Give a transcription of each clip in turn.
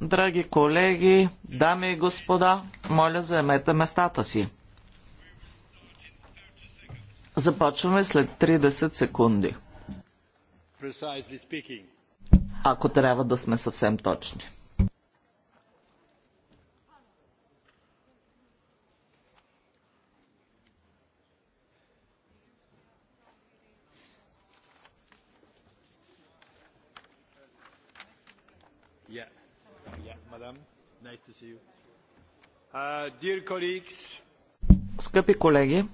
Драги колеги, дами и господа, моля заемете местата си. Започваме след 30 секунди. Ако трябва да сме съвсем точни. Uh, Скъпи колеги,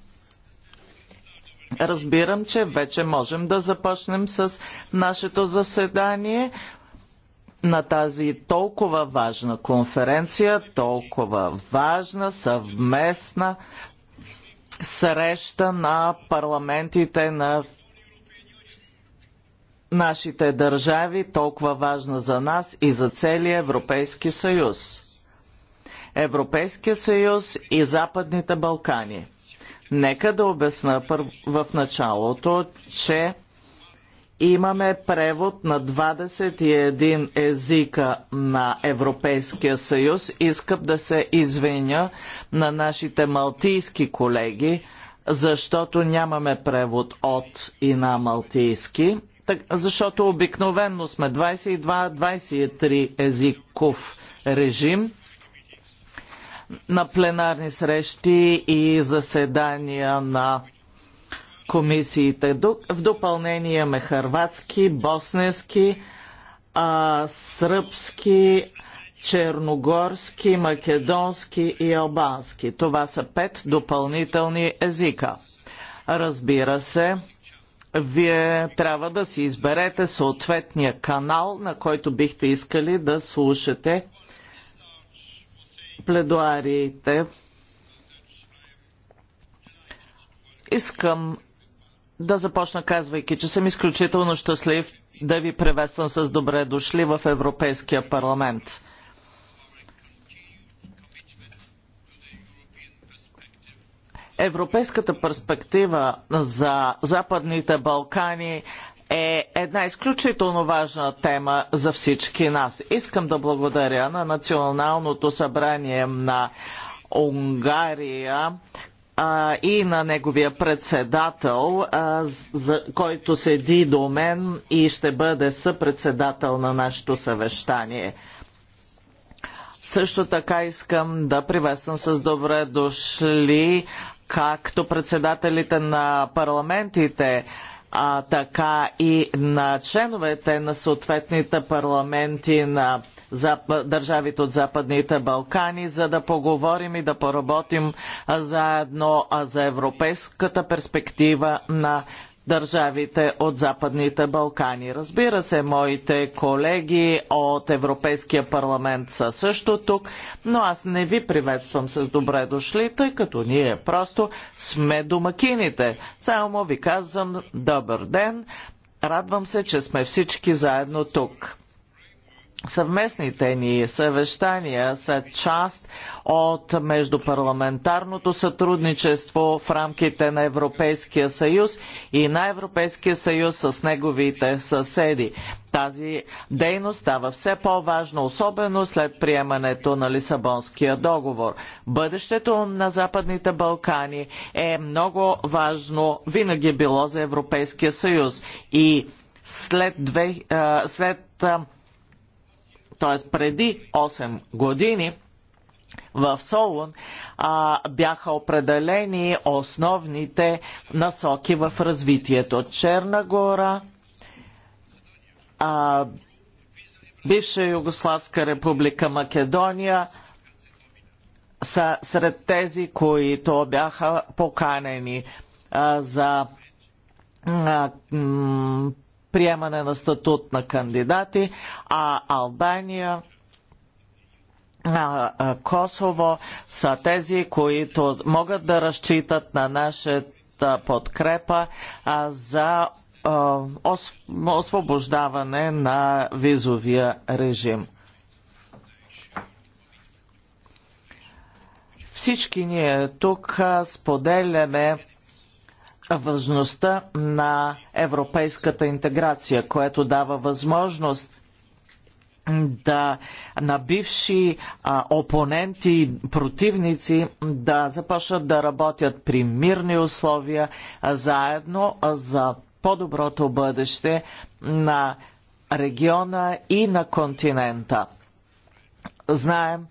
разбирам, че вече можем да започнем с нашето заседание на тази толкова важна конференция, толкова важна съвместна среща на парламентите на нашите държави, толкова важна за нас и за целия Европейски съюз. Европейския съюз и Западните Балкани. Нека да обясна в началото, че имаме превод на 21 езика на Европейския съюз. Искам да се извиня на нашите малтийски колеги, защото нямаме превод от и на малтийски, защото обикновенно сме 22-23 езиков режим на пленарни срещи и заседания на комисиите. В допълнение ме хърватски, босненски, сръбски, черногорски, македонски и албански. Това са пет допълнителни езика. Разбира се, вие трябва да си изберете съответния канал, на който бихте искали да слушате пледуариите. Искам да започна казвайки, че съм изключително щастлив да ви приветствам с добре дошли в Европейския парламент. Европейската перспектива за Западните Балкани е една изключително важна тема за всички нас. Искам да благодаря на Националното събрание на Унгария, и на неговия председател, който седи до мен и ще бъде съпредседател на нашето съвещание. Също така искам да приветствам с добре дошли както председателите на парламентите а, така и на членовете на съответните парламенти на държавите от Западните Балкани, за да поговорим и да поработим заедно за европейската перспектива на държавите от Западните Балкани. Разбира се, моите колеги от Европейския парламент са също тук, но аз не ви приветствам с добре дошли, тъй като ние просто сме домакините. Само ви казвам добър ден, радвам се, че сме всички заедно тук. Съвместните ни съвещания са част от междупарламентарното сътрудничество в рамките на Европейския съюз и на Европейския съюз с неговите съседи. Тази дейност става все по-важна, особено след приемането на Лисабонския договор. Бъдещето на Западните Балкани е много важно, винаги е било за Европейския съюз и след, две, след т.е. преди 8 години, в Солун а, бяха определени основните насоки в развитието. Черна гора, а, бивша Югославска република Македония са сред тези, които бяха поканени а, за а, приемане на статут на кандидати, а Албания Косово са тези, които могат да разчитат на нашата подкрепа за освобождаване на визовия режим. Всички ние тук споделяме важността на европейската интеграция, което дава възможност да на бивши а, опоненти и противници да започнат да работят при мирни условия а, заедно а, за по-доброто бъдеще на региона и на континента. Знаем,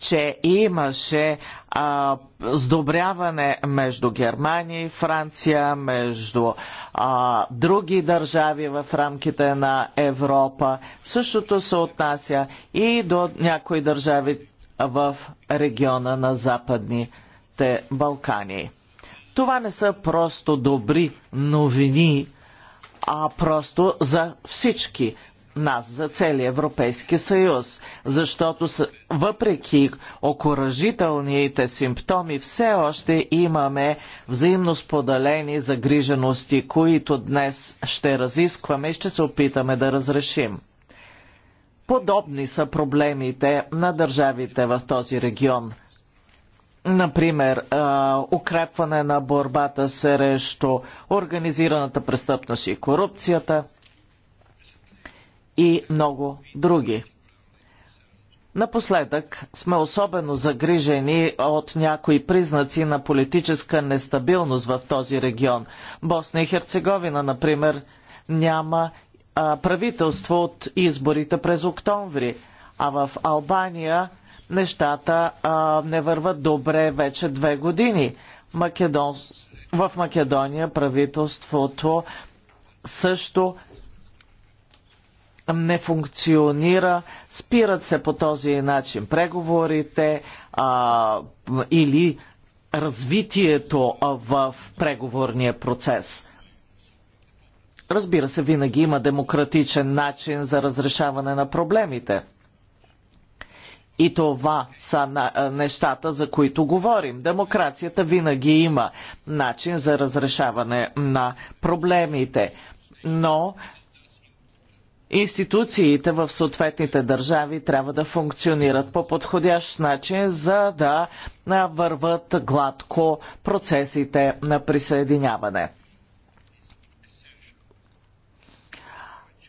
че имаше а, сдобряване между Германия и Франция, между а, други държави в рамките на Европа. Същото се отнася и до някои държави в региона на Западните Балкани. Това не са просто добри новини, а просто за всички нас, за целия Европейски съюз, защото въпреки окоръжителните симптоми, все още имаме взаимно споделени загрижености, които днес ще разискваме и ще се опитаме да разрешим. Подобни са проблемите на държавите в този регион. Например, укрепване на борбата срещу организираната престъпност и корупцията – и много други. Напоследък сме особено загрижени от някои признаци на политическа нестабилност в този регион. Босна и Херцеговина, например, няма а, правителство от изборите през октомври, а в Албания нещата а, не върват добре вече две години. Македон... В Македония правителството също не функционира, спират се по този начин преговорите а, или развитието в преговорния процес. Разбира се, винаги има демократичен начин за разрешаване на проблемите. И това са нещата, за които говорим. Демокрацията винаги има начин за разрешаване на проблемите. Но институциите в съответните държави трябва да функционират по подходящ начин, за да върват гладко процесите на присъединяване.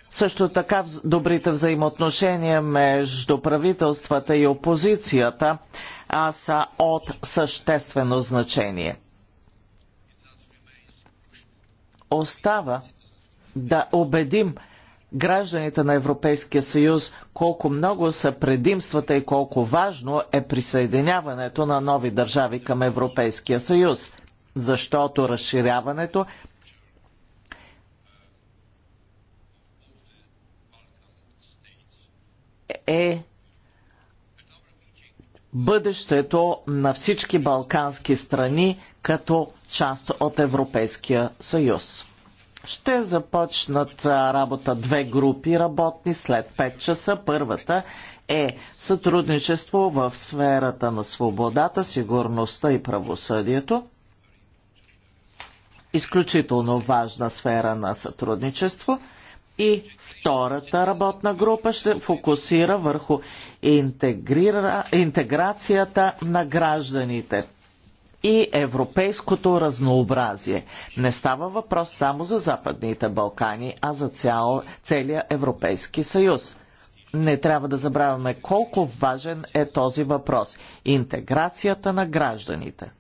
Също така добрите взаимоотношения между правителствата и опозицията а са от съществено значение. Остава да убедим гражданите на Европейския съюз колко много са предимствата и колко важно е присъединяването на нови държави към Европейския съюз, защото разширяването е бъдещето на всички балкански страни като част от Европейския съюз ще започнат работа две групи работни след 5 часа. Първата е сътрудничество в сферата на свободата, сигурността и правосъдието. Изключително важна сфера на сътрудничество. И втората работна група ще фокусира върху интегрира, интеграцията на гражданите и европейското разнообразие. Не става въпрос само за Западните Балкани, а за цял, целия Европейски съюз. Не трябва да забравяме колко важен е този въпрос – интеграцията на гражданите.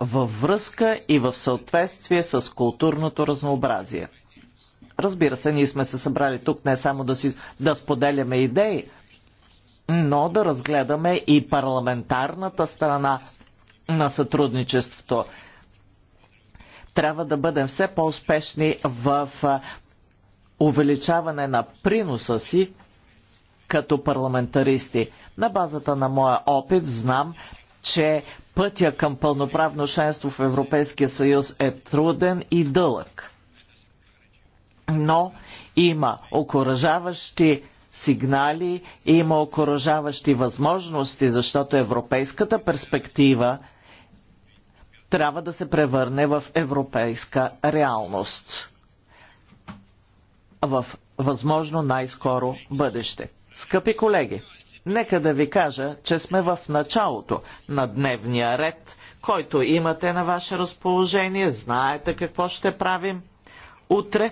Във връзка и в съответствие с културното разнообразие. Разбира се, ние сме се събрали тук не само да, си, да споделяме идеи – но да разгледаме и парламентарната страна на сътрудничеството. Трябва да бъдем все по-успешни в увеличаване на приноса си като парламентаристи. На базата на моя опит знам, че пътя към пълноправно членство в Европейския съюз е труден и дълъг. Но има окоръжаващи сигнали, има окоръжаващи възможности, защото европейската перспектива трябва да се превърне в европейска реалност в възможно най-скоро бъдеще. Скъпи колеги, нека да ви кажа, че сме в началото на дневния ред, който имате на ваше разположение, знаете какво ще правим. Утре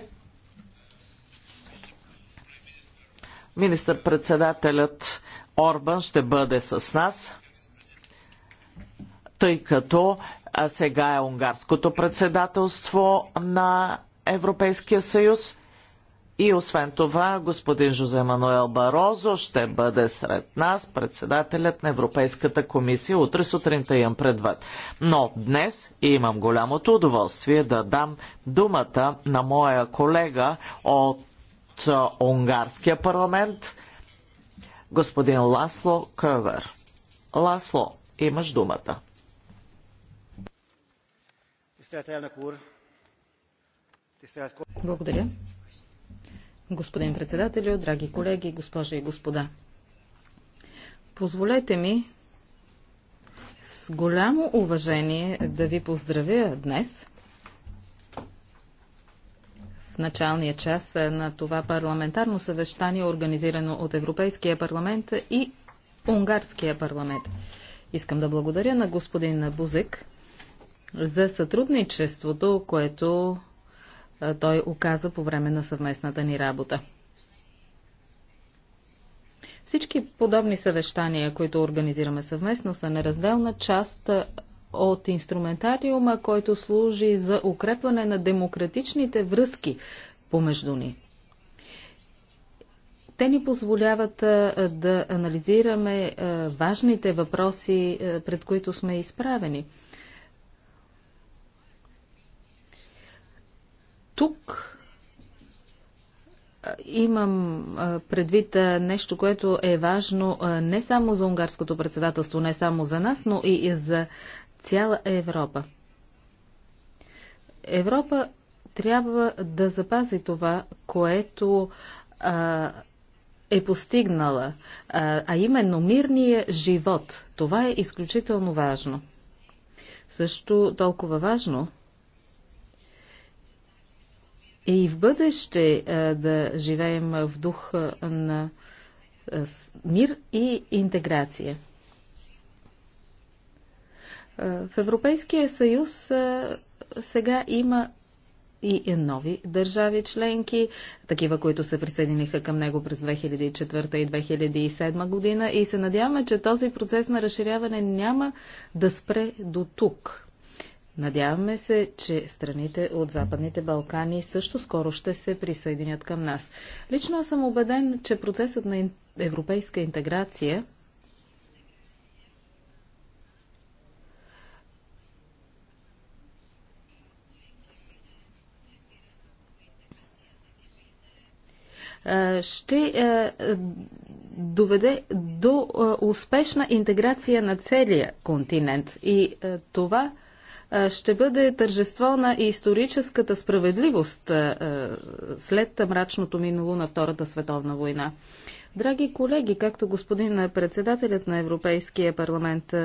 Министър-председателят Орбан ще бъде с нас, тъй като сега е унгарското председателство на Европейския съюз. И освен това, господин Жозе Мануел Барозо ще бъде сред нас, председателят на Европейската комисия. Утре сутринта имам предвид. Но днес имам голямото удоволствие да дам думата на моя колега от унгарския парламент господин Ласло Къвер. Ласло, имаш думата. Благодаря. Господин председателю, драги колеги, госпожи и господа. Позволете ми с голямо уважение да ви поздравя днес началния час на това парламентарно съвещание, организирано от Европейския парламент и Унгарския парламент. Искам да благодаря на господин Бузек за сътрудничеството, което той оказа по време на съвместната ни работа. Всички подобни съвещания, които организираме съвместно, са неразделна част от инструментариума, който служи за укрепване на демократичните връзки помежду ни. Те ни позволяват да анализираме важните въпроси, пред които сме изправени. Тук имам предвид нещо, което е важно не само за унгарското председателство, не само за нас, но и за цяла Европа. Европа трябва да запази това, което а, е постигнала, а, а именно мирния живот. Това е изключително важно. Също толкова важно е и в бъдеще а, да живеем в дух на а, мир и интеграция. Е, в Европейския съюз е, сега има и е, нови държави членки, такива, които се присъединиха към него през 2004 и 2007 година и се надяваме, че този процес на разширяване няма да спре до тук. Надяваме се, че страните от Западните Балкани също скоро ще се присъединят към нас. Лично съм убеден, че процесът на европейска интеграция – Е, ще е, доведе до е, успешна интеграция на целия континент. И това ще бъде тържество на историческата справедливост след мрачното минало на Втората световна война. Драги колеги, както господин председателят на Европейския парламент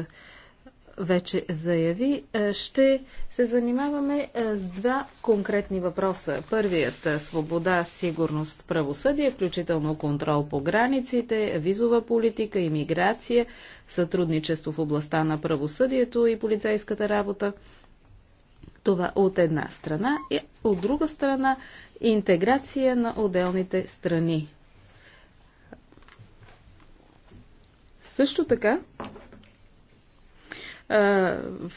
вече заяви, е, ще се занимаваме е, с два конкретни въпроса. Първият е, – свобода, сигурност, правосъдие, включително контрол по границите, визова политика, иммиграция, сътрудничество в областта на правосъдието и полицейската работа. Това от една страна и от друга страна интеграция на отделните страни. Също така в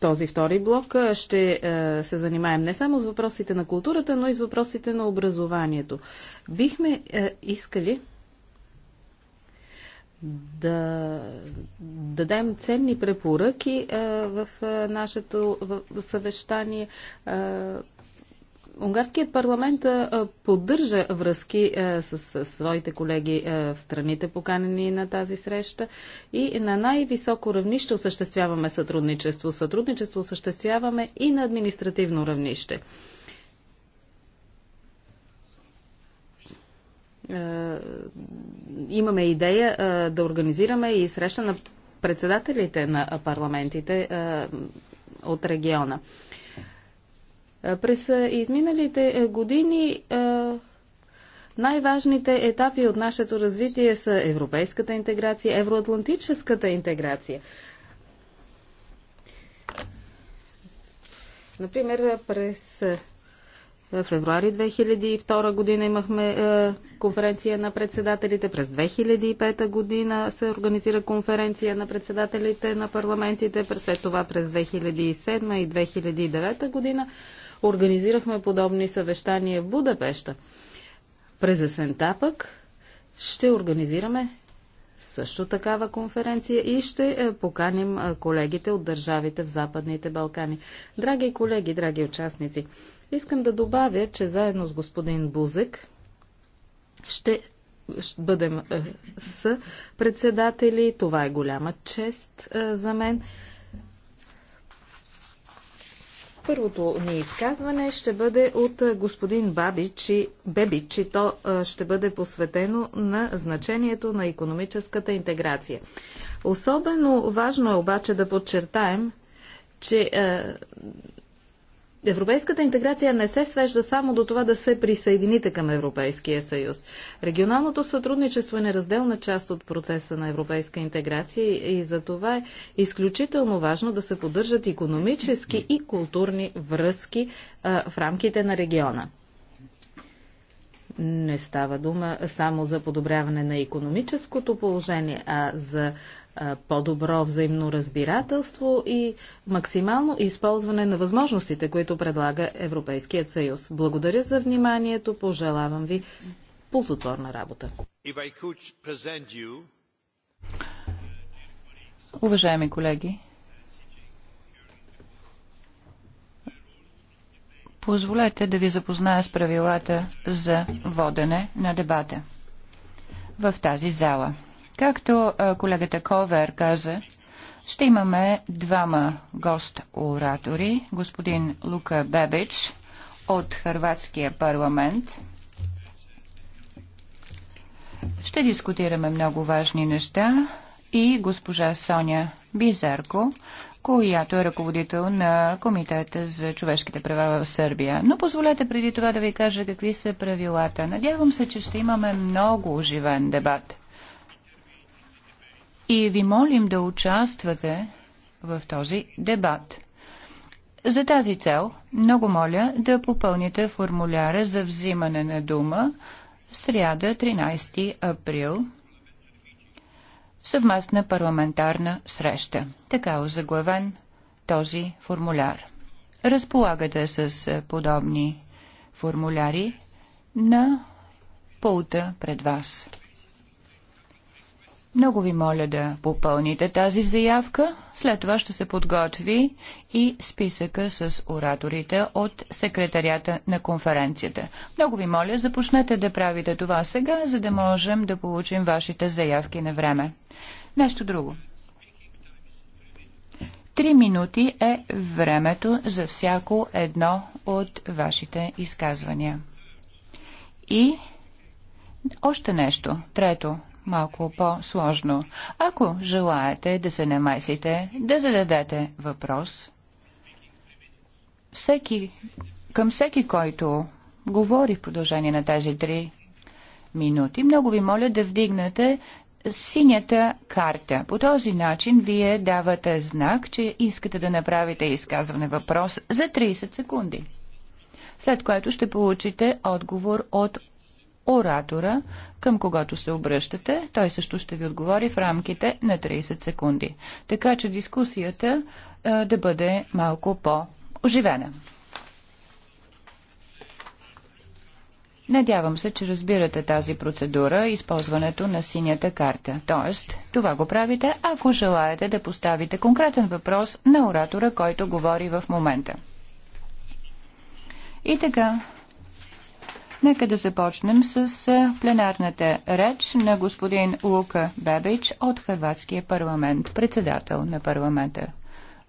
този втори блок ще се занимаем не само с въпросите на културата, но и с въпросите на образованието. Бихме искали да дадем ценни препоръки в нашето съвещание Унгарският парламент поддържа връзки с своите колеги в страните, поканени на тази среща и на най-високо равнище осъществяваме сътрудничество. Сътрудничество осъществяваме и на административно равнище. Имаме идея да организираме и среща на председателите на парламентите от региона. Е, през е, изминалите е, години най-важните етапи от нашето развитие са европейската интеграция, евроатлантическата интеграция. Например, през февруари 2002 година имахме конференция на председателите, през 2005 година се организира конференция на председателите на парламентите, след това през 2007 и 2009 година организирахме подобни съвещания в Будапеща. През есента пък ще организираме също такава конференция и ще е, поканим е, колегите от държавите в Западните Балкани. Драги колеги, драги участници, искам да добавя, че заедно с господин Бузек ще бъдем е, с председатели. Това е голяма чест за мен. Първото ни изказване ще бъде от господин Бабич и Бебич и то ще бъде посветено на значението на економическата интеграция. Особено важно е обаче да подчертаем, че Европейската интеграция не се свежда само до това да се присъедините към Европейския съюз. Регионалното сътрудничество е неразделна част от процеса на европейска интеграция и за това е изключително важно да се поддържат економически и културни връзки а, в рамките на региона. Не става дума само за подобряване на економическото положение, а за по-добро взаимно разбирателство и максимално използване на възможностите, които предлага Европейският съюз. Благодаря за вниманието, пожелавам ви ползотворна работа. Уважаеми колеги, позволете да ви запозная с правилата за водене на дебата в тази зала. Както колегата Ковер каза, ще имаме двама гост-оратори. Господин Лука Бебич от Харватския парламент. Ще дискутираме много важни неща и госпожа Соня Бизерко, която е ръководител на Комитета за човешките права в Сърбия. Но позволете преди това да ви кажа какви са правилата. Надявам се, че ще имаме много оживен дебат и ви молим да участвате в този дебат. За тази цел много моля да попълните формуляра за взимане на дума сряда 13 април съвместна парламентарна среща. Така е заглавен този формуляр. Разполагате с подобни формуляри на пулта пред вас. Много ви моля да попълните тази заявка. След това ще се подготви и списъка с ораторите от секретарията на конференцията. Много ви моля, започнете да правите това сега, за да можем да получим вашите заявки на време. Нещо друго. Три минути е времето за всяко едно от вашите изказвания. И още нещо. Трето малко по-сложно. Ако желаете да се намесите, да зададете въпрос, всеки, към всеки, който говори в продължение на тези три минути, много ви моля да вдигнете синята карта. По този начин вие давате знак, че искате да направите изказване въпрос за 30 секунди. След което ще получите отговор от оратора, към когато се обръщате. Той също ще ви отговори в рамките на 30 секунди. Така че дискусията а, да бъде малко по-оживена. Надявам се, че разбирате тази процедура, използването на синята карта. Тоест, това го правите, ако желаете да поставите конкретен въпрос на оратора, който говори в момента. И така, Нека да започнем с е, пленарната реч на господин Лука Бебич от Хрватския парламент, председател на парламента.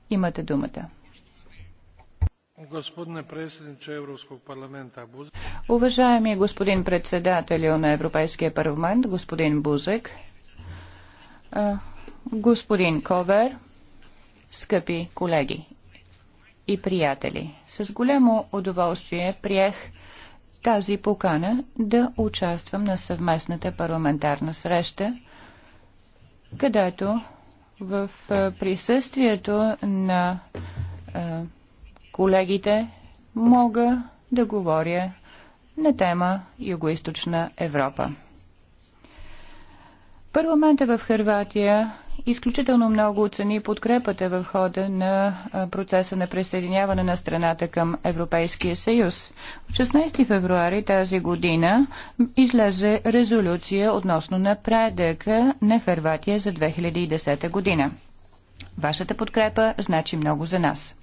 Имате думата. Уважаеми господин председател на Европейския парламент, господин Бузек, е, господин Ковер, скъпи колеги и приятели, с голямо удоволствие приех тази покана да участвам на съвместната парламентарна среща, където в присъствието на колегите мога да говоря на тема Юго-Источна Европа. Парламента в Хърватия изключително много оцени подкрепата в хода на процеса на присъединяване на страната към Европейския съюз. В 16 февруари тази година излезе резолюция относно напредъка на Хърватия за 2010 година. Вашата подкрепа значи много за нас.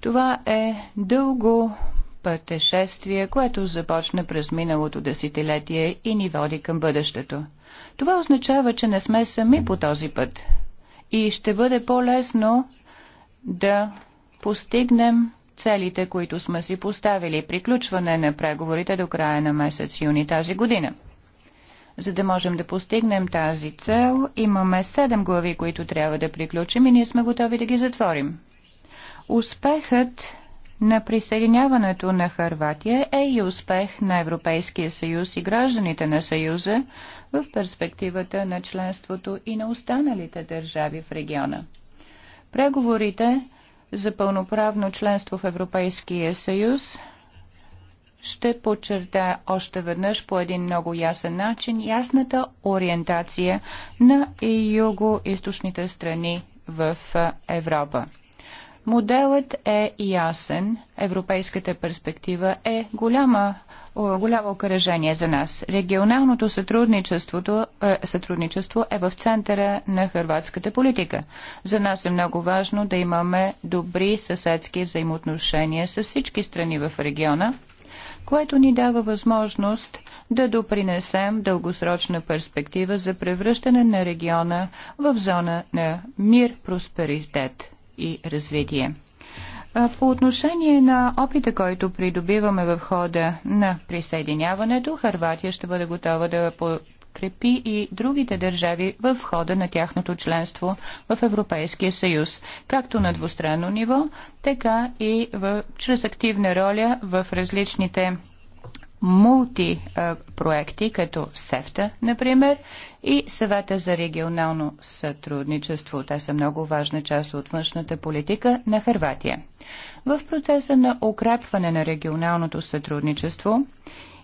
Това е дълго пътешествие, което започна през миналото десетилетие и ни води към бъдещето. Това означава, че не сме сами по този път и ще бъде по-лесно да постигнем целите, които сме си поставили, приключване на преговорите до края на месец юни тази година. За да можем да постигнем тази цел, имаме седем глави, които трябва да приключим и ние сме готови да ги затворим. Успехът на присъединяването на Харватия е и успех на Европейския съюз и гражданите на съюза в перспективата на членството и на останалите държави в региона. Преговорите за пълноправно членство в Европейския съюз ще подчертая още веднъж по един много ясен начин ясната ориентация на юго-источните страни в Европа. Моделът е ясен. Европейската перспектива е голяма голямо окръжение за нас. Регионалното сътрудничеството, е, сътрудничество е в центъра на хрватската политика. За нас е много важно да имаме добри съседски взаимоотношения с всички страни в региона, което ни дава възможност да допринесем дългосрочна перспектива за превръщане на региона в зона на мир, просперитет и развитие. По отношение на опита, който придобиваме в хода на присъединяването, Харватия ще бъде готова да подкрепи и другите държави в хода на тяхното членство в Европейския съюз, както на двустранно ниво, така и в, чрез активна роля в различните мултипроекти, като СЕФТА, например, и съвета за регионално сътрудничество. Те са много важна част от външната политика на Харватия. В процеса на укрепване на регионалното сътрудничество,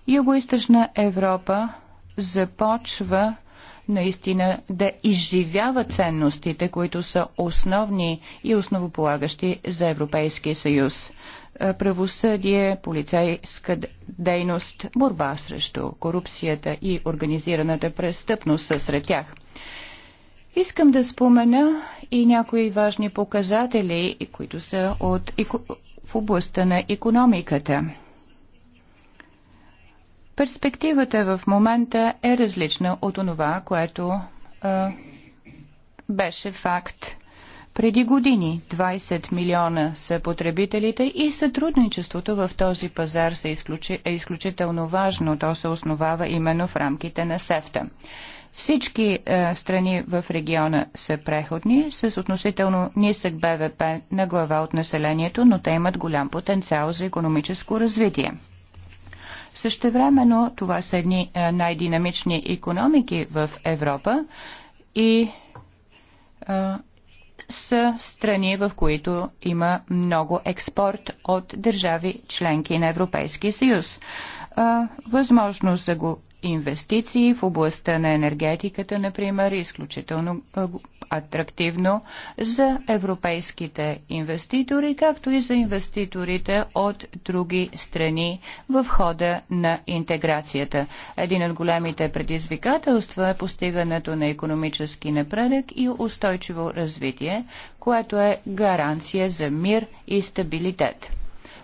Юго-Источна Европа започва наистина да изживява ценностите, които са основни и основополагащи за Европейския съюз. Е, правосъдие, полицейска дейност, борба срещу корупцията и организираната престъпност са сред тях. Искам да спомена и някои важни показатели, които са от, в областта на економиката. Перспективата в момента е различна от онова, което а, е, беше факт преди години 20 милиона са потребителите и сътрудничеството в този пазар е изключително важно. То се основава именно в рамките на СЕФТА. Всички е, страни в региона са преходни, с относително нисък БВП на глава от населението, но те имат голям потенциал за економическо развитие. Същевременно това са едни е, най-динамични економики в Европа и е, са страни, в които има много експорт от държави членки на Европейския съюз. Възможност за го инвестиции в областта на енергетиката, например, е изключително атрактивно за европейските инвеститори, както и за инвеститорите от други страни в хода на интеграцията. Един от големите предизвикателства е постигането на економически напредък и устойчиво развитие, което е гаранция за мир и стабилитет.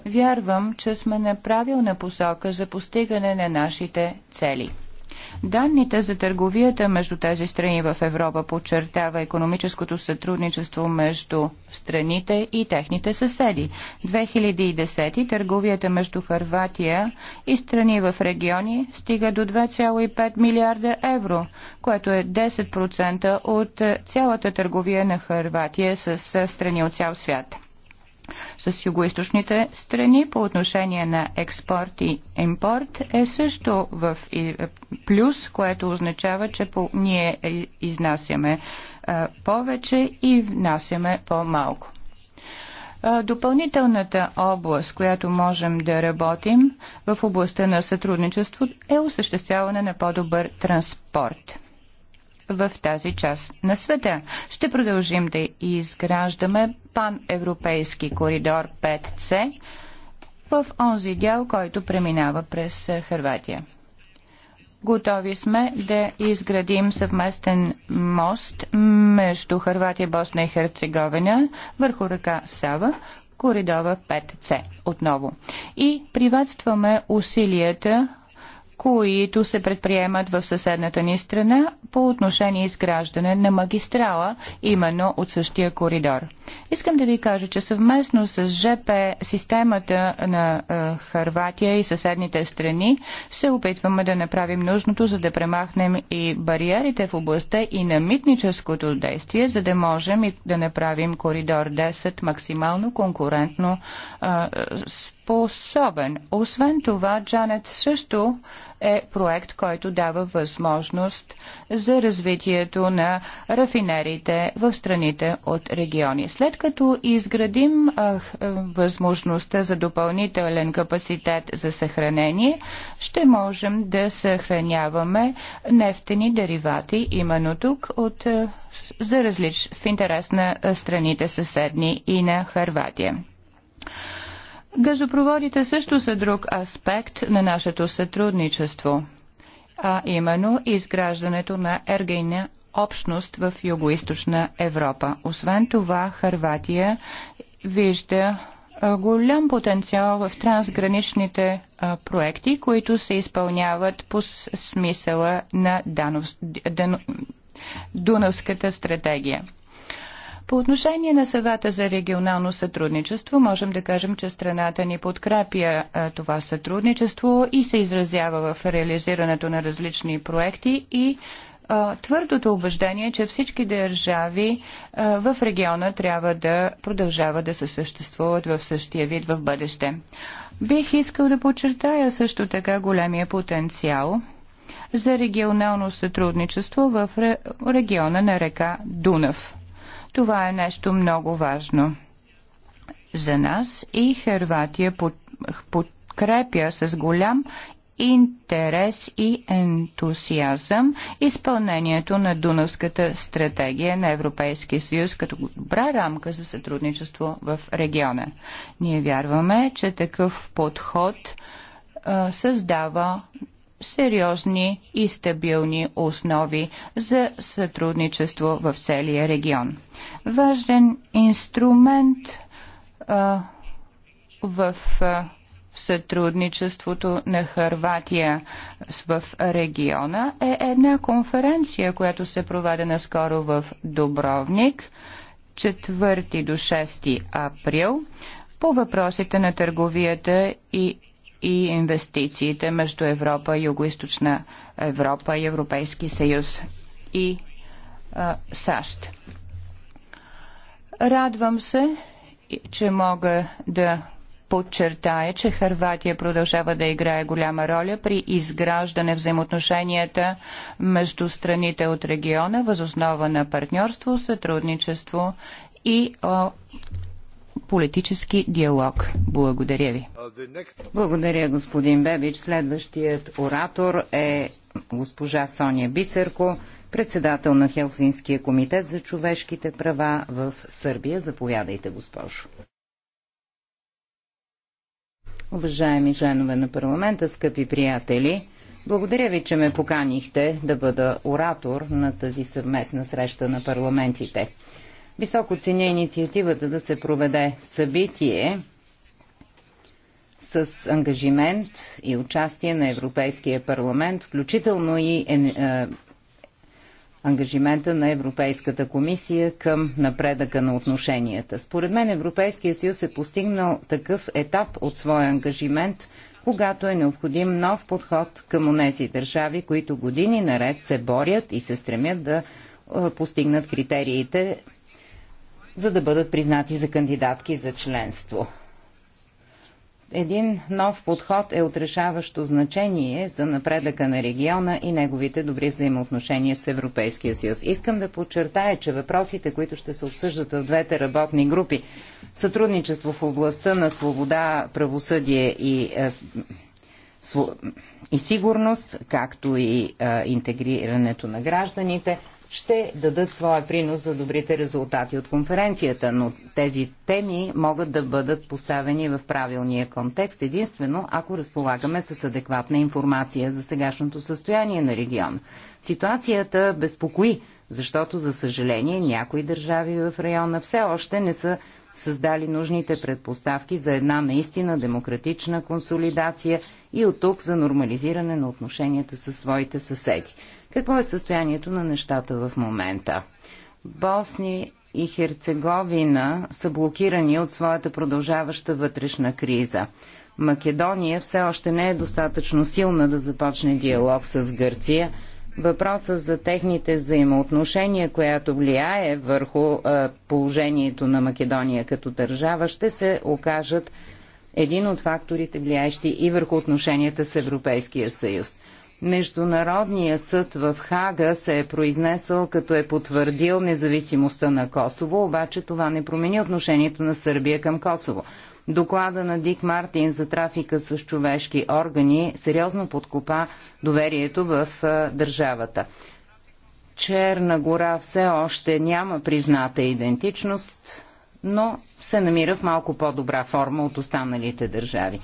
Вярвам, че сме на правилна посока за постигане на нашите цели. Данните за търговията между тези страни в Европа подчертава економическото сътрудничество между страните и техните съседи. 2010 търговията между Харватия и страни в региони стига до 2,5 милиарда евро, което е 10% от цялата търговия на Харватия с страни от цял свят с югоисточните страни по отношение на експорт и импорт е също в е, плюс, което означава, че по, ние изнасяме а, е, повече и внасяме по-малко. Е, допълнителната област, която можем да работим в областта на сътрудничество е осъществяване на по-добър транспорт в тази част на света. Ще продължим да изграждаме паневропейски коридор 5C в онзи дял, който преминава през Хърватия. Готови сме да изградим съвместен мост между Хърватия, Босна и Херцеговина върху ръка Сава, коридора 5C отново. И приветстваме усилията които се предприемат в съседната ни страна по отношение изграждане на магистрала, именно от същия коридор. Искам да ви кажа, че съвместно с ЖП системата на е, Харватия и съседните страни се опитваме да направим нужното, за да премахнем и бариерите в областта и на митническото действие, за да можем и да направим коридор 10 максимално конкурентно е, способен. Освен това, Джанет също е проект, който дава възможност за развитието на рафинерите в страните от региони. След като изградим а, възможността за допълнителен капацитет за съхранение, ще можем да съхраняваме нефтени деривати именно тук от, за различ в интерес на страните съседни и на Харватия. Газопроводите също са друг аспект на нашето сътрудничество, а именно изграждането на ергейна общност в Юго-Источна Европа. Освен това, Харватия вижда голям потенциал в трансграничните а, проекти, които се изпълняват по смисъла на Данов, Дунавската стратегия. По отношение на съвета за регионално сътрудничество, можем да кажем, че страната ни подкрепя това сътрудничество и се изразява в реализирането на различни проекти и твърдото убеждение, че всички държави в региона трябва да продължават да се съществуват в същия вид в бъдеще. Бих искал да подчертая също така големия потенциал за регионално сътрудничество в региона на река Дунав. Това е нещо много важно за нас и Хърватия подкрепя с голям интерес и ентусиазъм изпълнението на Дунавската стратегия на Европейския съюз като добра рамка за сътрудничество в региона. Ние вярваме, че такъв подход а, създава сериозни и стабилни основи за сътрудничество в целия регион. Важен инструмент а, в а, сътрудничеството на Харватия в региона е една конференция, която се проведе наскоро в Добровник, 4 до 6 април, по въпросите на търговията и и инвестициите между Европа, Юго-Источна Европа и Европейски съюз и а, САЩ. Радвам се, че мога да подчертая, че Харватия продължава да играе голяма роля при изграждане взаимоотношенията между страните от региона, възоснова на партньорство, сътрудничество и политически диалог. Благодаря ви. Благодаря, господин Бебич. Следващият оратор е госпожа Соня Бисерко, председател на Хелсинския комитет за човешките права в Сърбия. Заповядайте, госпожо. Уважаеми членове на парламента, скъпи приятели, благодаря ви, че ме поканихте да бъда оратор на тази съвместна среща на парламентите. Високо ценя инициативата да се проведе събитие с ангажимент и участие на Европейския парламент, включително и е, е, ангажимента на Европейската комисия към напредъка на отношенията. Според мен Европейския съюз е постигнал такъв етап от своя ангажимент, когато е необходим нов подход към онези държави, които години наред се борят и се стремят да е, постигнат критериите за да бъдат признати за кандидатки за членство. Един нов подход е отрешаващо значение за напредъка на региона и неговите добри взаимоотношения с Европейския съюз. Искам да подчертая, че въпросите, които ще се обсъждат в двете работни групи, сътрудничество в областта на свобода, правосъдие и, е, и сигурност, както и е, интегрирането на гражданите, ще дадат своя принос за добрите резултати от конференцията, но тези теми могат да бъдат поставени в правилния контекст единствено ако разполагаме с адекватна информация за сегашното състояние на регион. Ситуацията безпокои, защото за съжаление някои държави в района все още не са създали нужните предпоставки за една наистина демократична консолидация и от тук за нормализиране на отношенията със своите съседи. Какво е състоянието на нещата в момента? Босни и Херцеговина са блокирани от своята продължаваща вътрешна криза. Македония все още не е достатъчно силна да започне диалог с Гърция. Въпросът за техните взаимоотношения, която влияе върху положението на Македония като държава, ще се окажат един от факторите, влияещи и върху отношенията с Европейския съюз. Международния съд в Хага се е произнесъл като е потвърдил независимостта на Косово, обаче това не промени отношението на Сърбия към Косово. Доклада на Дик Мартин за трафика с човешки органи сериозно подкопа доверието в държавата. Черна гора все още няма призната идентичност, но се намира в малко по-добра форма от останалите държави.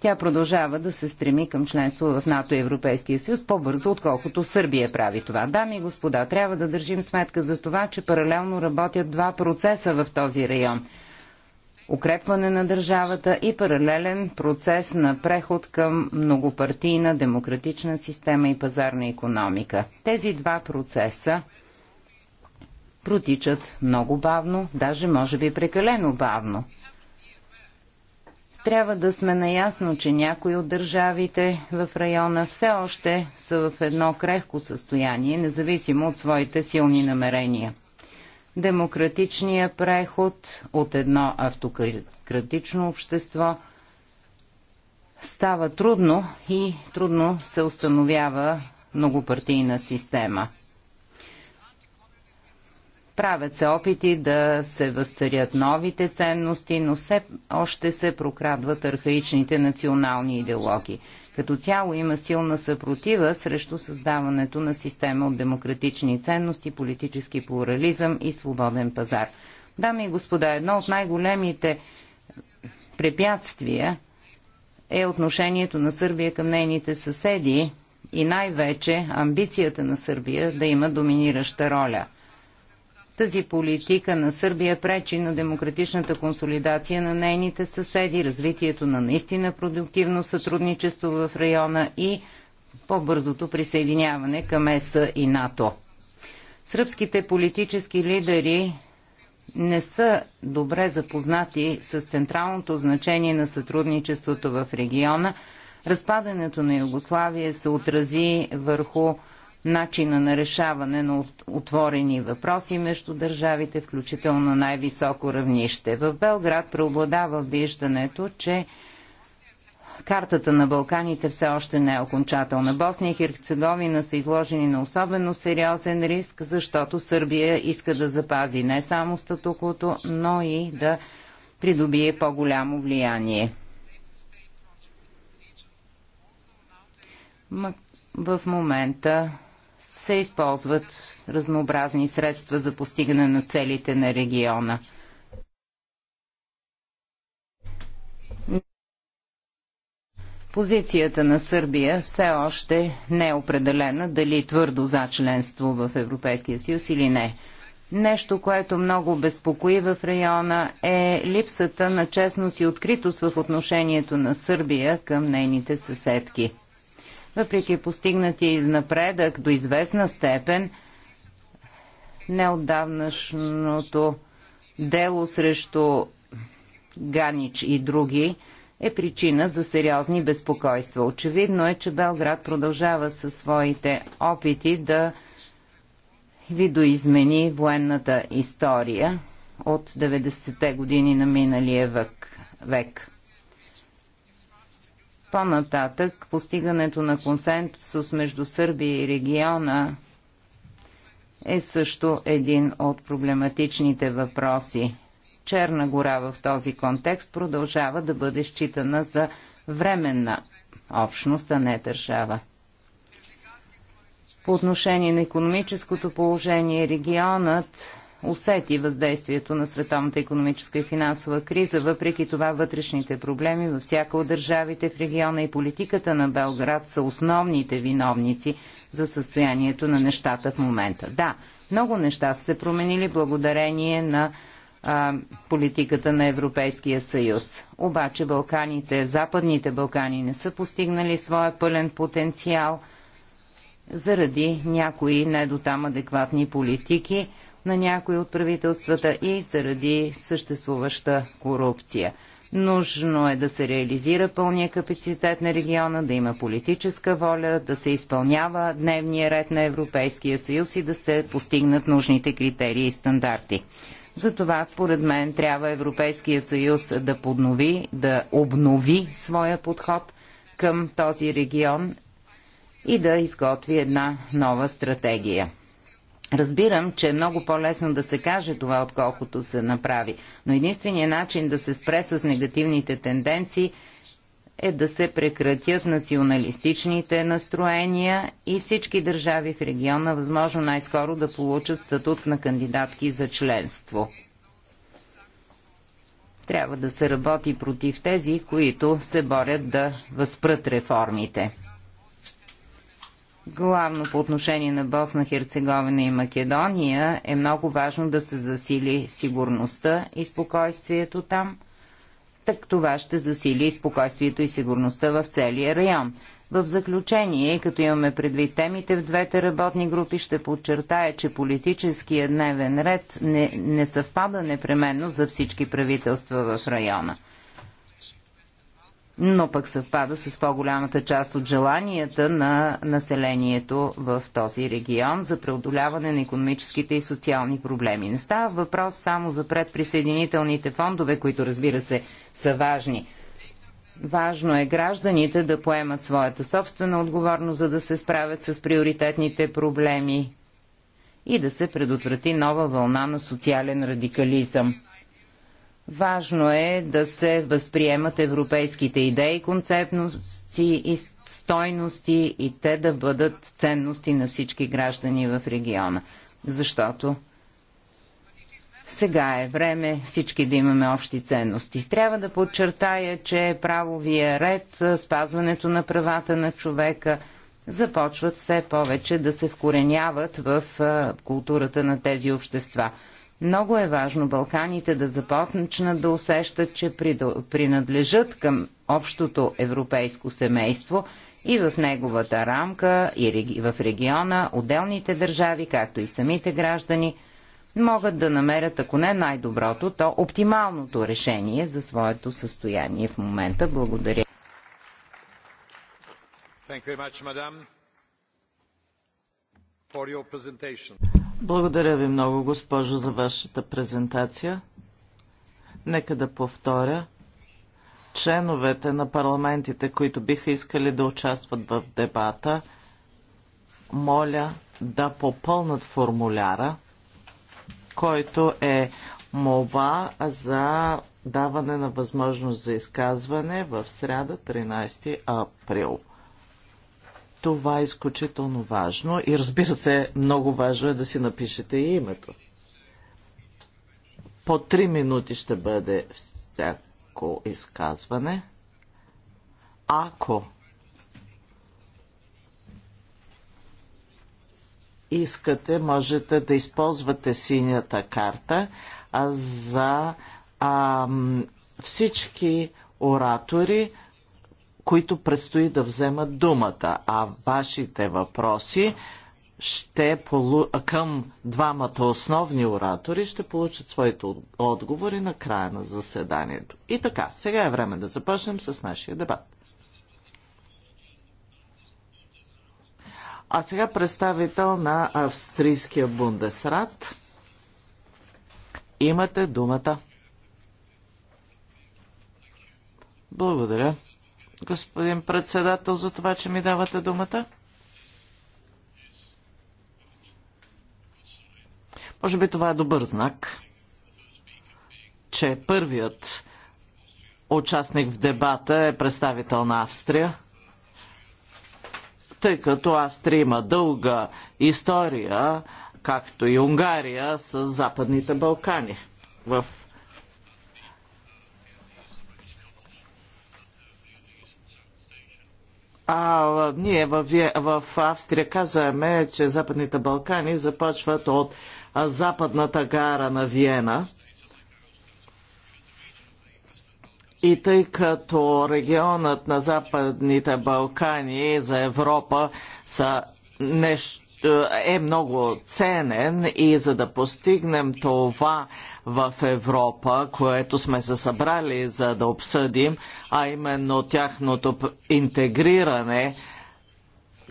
Тя продължава да се стреми към членство в НАТО и Европейския съюз по-бързо, отколкото Сърбия прави това. Дами и господа, трябва да държим сметка за това, че паралелно работят два процеса в този район укрепване на държавата и паралелен процес на преход към многопартийна демократична система и пазарна економика. Тези два процеса протичат много бавно, даже може би прекалено бавно трябва да сме наясно, че някои от държавите в района все още са в едно крехко състояние, независимо от своите силни намерения. Демократичният преход от едно автократично общество става трудно и трудно се установява многопартийна система. Правят се опити да се възцарят новите ценности, но все още се прокрадват архаичните национални идеологии. Като цяло има силна съпротива срещу създаването на система от демократични ценности, политически плурализъм и свободен пазар. Дами и господа, едно от най-големите препятствия е отношението на Сърбия към нейните съседи и най-вече амбицията на Сърбия да има доминираща роля – тази политика на Сърбия пречи на демократичната консолидация на нейните съседи, развитието на наистина продуктивно сътрудничество в района и по-бързото присъединяване към ЕС и НАТО. Сръбските политически лидери не са добре запознати с централното значение на сътрудничеството в региона. Разпадането на Югославия се отрази върху начина на решаване на отворени въпроси между държавите, включително на най-високо равнище. В Белград преобладава виждането, че картата на Балканите все още не е окончателна. Босния и Херцеговина са изложени на особено сериозен риск, защото Сърбия иска да запази не само статуквото, но и да придобие по-голямо влияние. В момента се използват разнообразни средства за постигане на целите на региона. Позицията на Сърбия все още не е определена дали твърдо за членство в Европейския съюз или не. Нещо, което много безпокои в района е липсата на честност и откритост в отношението на Сърбия към нейните съседки. Въпреки постигнати напредък до известна степен, неотдавнашното дело срещу Ганич и други е причина за сериозни безпокойства. Очевидно е, че Белград продължава със своите опити да видоизмени военната история от 90-те години на миналия век. По-нататък постигането на консенсус между Сърбия и региона е също един от проблематичните въпроси. Черна гора в този контекст продължава да бъде считана за временна общност, а не държава. По отношение на економическото положение, регионът усети въздействието на световната економическа и финансова криза. Въпреки това вътрешните проблеми във всяка от държавите в региона и политиката на Белград са основните виновници за състоянието на нещата в момента. Да, много неща са се променили благодарение на а, политиката на Европейския съюз. Обаче Балканите, Западните Балкани не са постигнали своя пълен потенциал заради някои недотам адекватни политики – на някои от правителствата и заради съществуваща корупция. Нужно е да се реализира пълния капацитет на региона, да има политическа воля, да се изпълнява дневния ред на Европейския съюз и да се постигнат нужните критерии и стандарти. Затова, според мен, трябва Европейския съюз да поднови, да обнови своя подход към този регион и да изготви една нова стратегия. Разбирам, че е много по-лесно да се каже това, отколкото се направи, но единственият начин да се спре с негативните тенденции е да се прекратят националистичните настроения и всички държави в региона възможно най-скоро да получат статут на кандидатки за членство. Трябва да се работи против тези, които се борят да възпрат реформите главно по отношение на Босна, Херцеговина и Македония, е много важно да се засили сигурността и спокойствието там. Так това ще засили и спокойствието и сигурността в целия район. В заключение, като имаме предвид темите в двете работни групи, ще подчертая, че политическия дневен ред не, не съвпада непременно за всички правителства в района но пък съвпада с по-голямата част от желанията на населението в този регион за преодоляване на економическите и социални проблеми. Не става въпрос само за предприсъединителните фондове, които разбира се са важни. Важно е гражданите да поемат своята собствена отговорност, за да се справят с приоритетните проблеми и да се предотврати нова вълна на социален радикализъм. Важно е да се възприемат европейските идеи, концепности и стойности и те да бъдат ценности на всички граждани в региона. Защото сега е време всички да имаме общи ценности. Трябва да подчертая, че правовия ред, спазването на правата на човека започват все повече да се вкореняват в културата на тези общества. Много е важно Балканите да започнат да усещат, че принадлежат към общото европейско семейство и в неговата рамка и в региона отделните държави, както и самите граждани, могат да намерят, ако не най-доброто, то оптималното решение за своето състояние в момента. Благодаря. Much, madam, благодаря ви много, госпожо, за вашата презентация. Нека да повторя. Членовете на парламентите, които биха искали да участват в дебата, моля да попълнат формуляра, който е мова за даване на възможност за изказване в среда 13 април. Това е изключително важно и разбира се, много важно е да си напишете и името. По три минути ще бъде всяко изказване. Ако искате, можете да използвате синята карта за а, всички оратори, които предстои да вземат думата, а вашите въпроси ще полу... към двамата основни оратори ще получат своите отговори на края на заседанието. И така, сега е време да започнем с нашия дебат. А сега представител на австрийския бундесрат. Имате думата. Благодаря господин председател, за това, че ми давате думата. Може би това е добър знак, че първият участник в дебата е представител на Австрия, тъй като Австрия има дълга история, както и Унгария, с Западните Балкани в А, ние в, в Австрия казваме, че Западните Балкани започват от западната гара на Виена. И тъй като регионът на Западните Балкани за Европа са нещо е много ценен и за да постигнем това в Европа, което сме се събрали за да обсъдим, а именно тяхното интегриране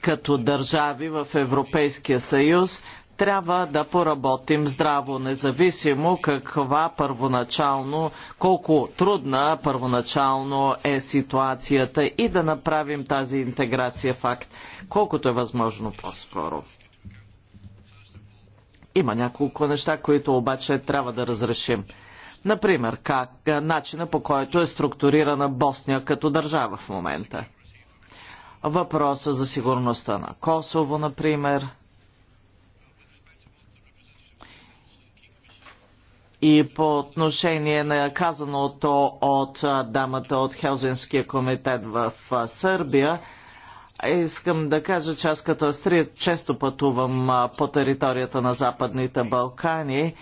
като държави в Европейския съюз, трябва да поработим здраво, независимо каква първоначално, колко трудна първоначално е ситуацията и да направим тази интеграция факт, колкото е възможно по-скоро. Има няколко неща, които обаче трябва да разрешим. Например, как, е, начина по който е структурирана Босния като държава в момента. Въпроса за сигурността на Косово, например. И по отношение на казаното от е, дамата от Хелзинския комитет в е, Сърбия – Искам да кажа, че аз като астрият често пътувам по територията на Западните Балкани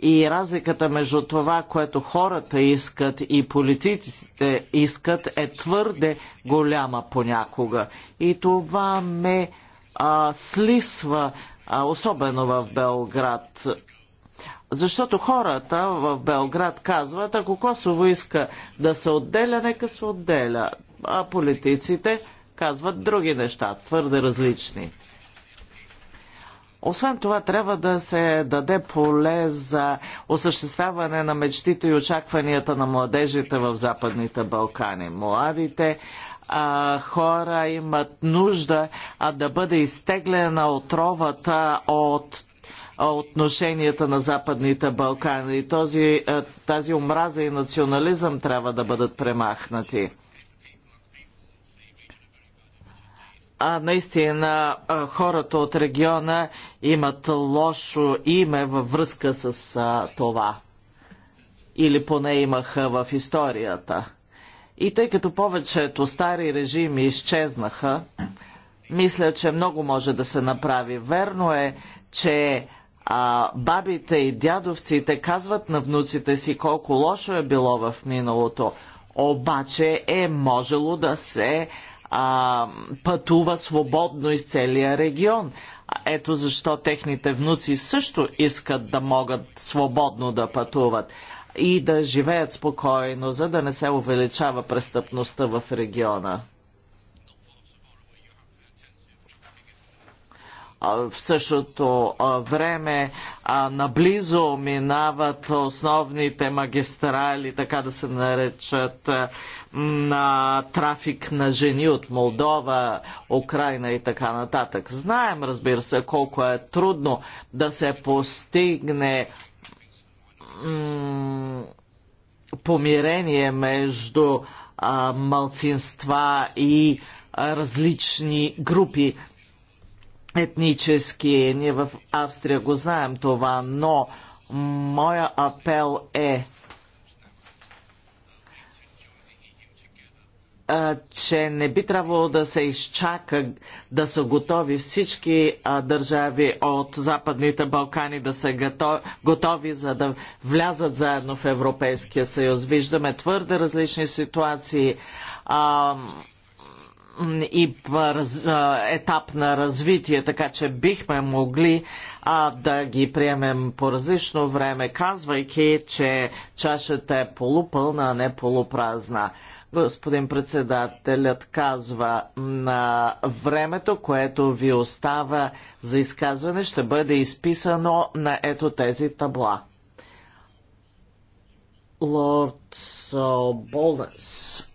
и разликата между това, което хората искат и политиците искат е твърде голяма понякога. И това ме а, слисва, а, особено в Белград. Защото хората в Белград казват, ако Косово иска да се отделя, нека се отделя. А политиците казват други неща, твърде различни. Освен това, трябва да се даде поле за осъществяване на мечтите и очакванията на младежите в Западните Балкани. Младите а, хора имат нужда а да бъде изтеглена отровата от отношенията на Западните Балкани. Този, тази омраза и национализъм трябва да бъдат премахнати. а, наистина хората от региона имат лошо име във връзка с а, това. Или поне имаха в историята. И тъй като повечето стари режими изчезнаха, мисля, че много може да се направи. Верно е, че а, бабите и дядовците казват на внуците си колко лошо е било в миналото. Обаче е можело да се а, пътува свободно из целия регион. Ето защо техните внуци също искат да могат свободно да пътуват и да живеят спокойно, за да не се увеличава престъпността в региона. в същото време наблизо минават основните магистрали, така да се наречат, на трафик на жени от Молдова, Украина и така нататък. Знаем, разбира се, колко е трудно да се постигне помирение между малцинства и различни групи етнически. Ние в Австрия го знаем това, но моя апел е че не би трябвало да се изчака да са готови всички държави от Западните Балкани да са готови, за да влязат заедно в Европейския съюз. Виждаме твърде различни ситуации и етап на развитие, така че бихме могли а, да ги приемем по различно време, казвайки, че чашата е полупълна, а не полупразна. Господин председателят казва на времето, което ви остава за изказване, ще бъде изписано на ето тези табла. Лорд Болнес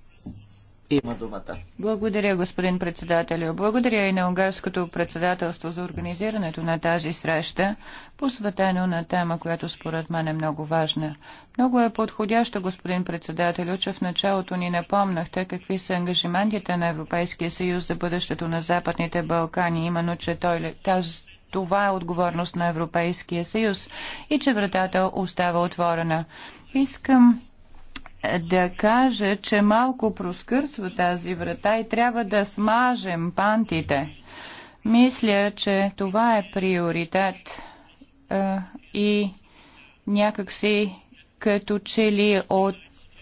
има думата. Благодаря, господин председател, Благодаря и на унгарското председателство за организирането на тази среща, посветено на тема, която според мен е много важна. Много е подходящо, господин председател, че в началото ни напомнахте какви са ангажиментите на Европейския съюз за бъдещето на Западните Балкани, именно, че той, тази, това е отговорност на Европейския съюз и че вратата остава отворена. Искам да кажа, че малко проскърцва тази врата и трябва да смажем пантите. Мисля, че това е приоритет и някакси като че ли от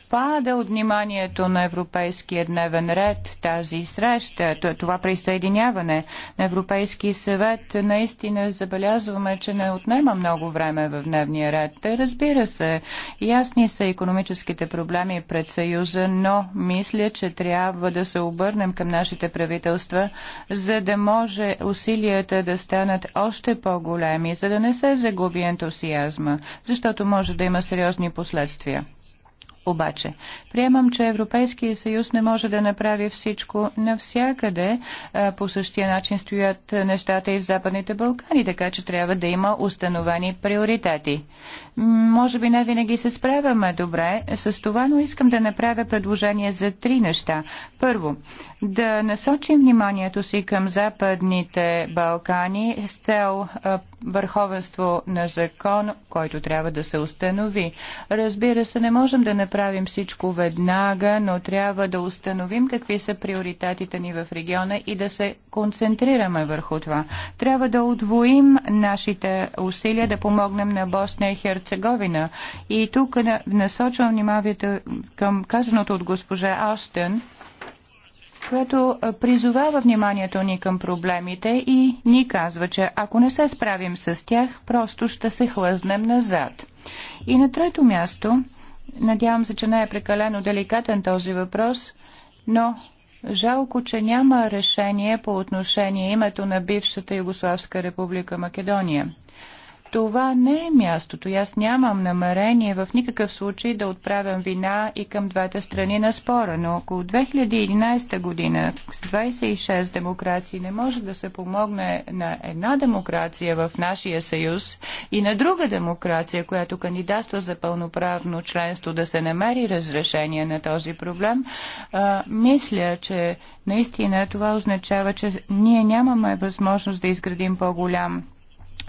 пада от вниманието на европейския дневен ред тази среща, това присъединяване на Европейски съвет. Наистина забелязваме, че не отнема много време в дневния ред. Разбира се, ясни са економическите проблеми пред Съюза, но мисля, че трябва да се обърнем към нашите правителства, за да може усилията да станат още по-големи, за да не се загуби ентусиазма, защото може да има сериозни последствия обаче. Приемам, че Европейския съюз не може да направи всичко навсякъде. По същия начин стоят нещата и в Западните Балкани, така че трябва да има установени приоритети. Може би не винаги се справяме добре с това, но искам да направя предложение за три неща. Първо, да насочим вниманието си към Западните Балкани с цел върховенство на закон, който трябва да се установи. Разбира се, не можем да направим всичко веднага, но трябва да установим какви са приоритетите ни в региона и да се концентрираме върху това. Трябва да удвоим нашите усилия да помогнем на Босния и Херцеговина Херцеговина. И тук насочвам вниманието към казаното от госпожа Аштен, което призовава вниманието ни към проблемите и ни казва, че ако не се справим с тях, просто ще се хлъзнем назад. И на трето място, надявам се, че не е прекалено деликатен този въпрос, но жалко, че няма решение по отношение името на бившата Югославска република Македония това не е мястото. И аз нямам намерение в никакъв случай да отправям вина и към двете страни на спора. Но около 2011 година с 26 демокрации не може да се помогне на една демокрация в нашия съюз и на друга демокрация, която кандидатства за пълноправно членство да се намери разрешение на този проблем. А, мисля, че наистина това означава, че ние нямаме възможност да изградим по-голям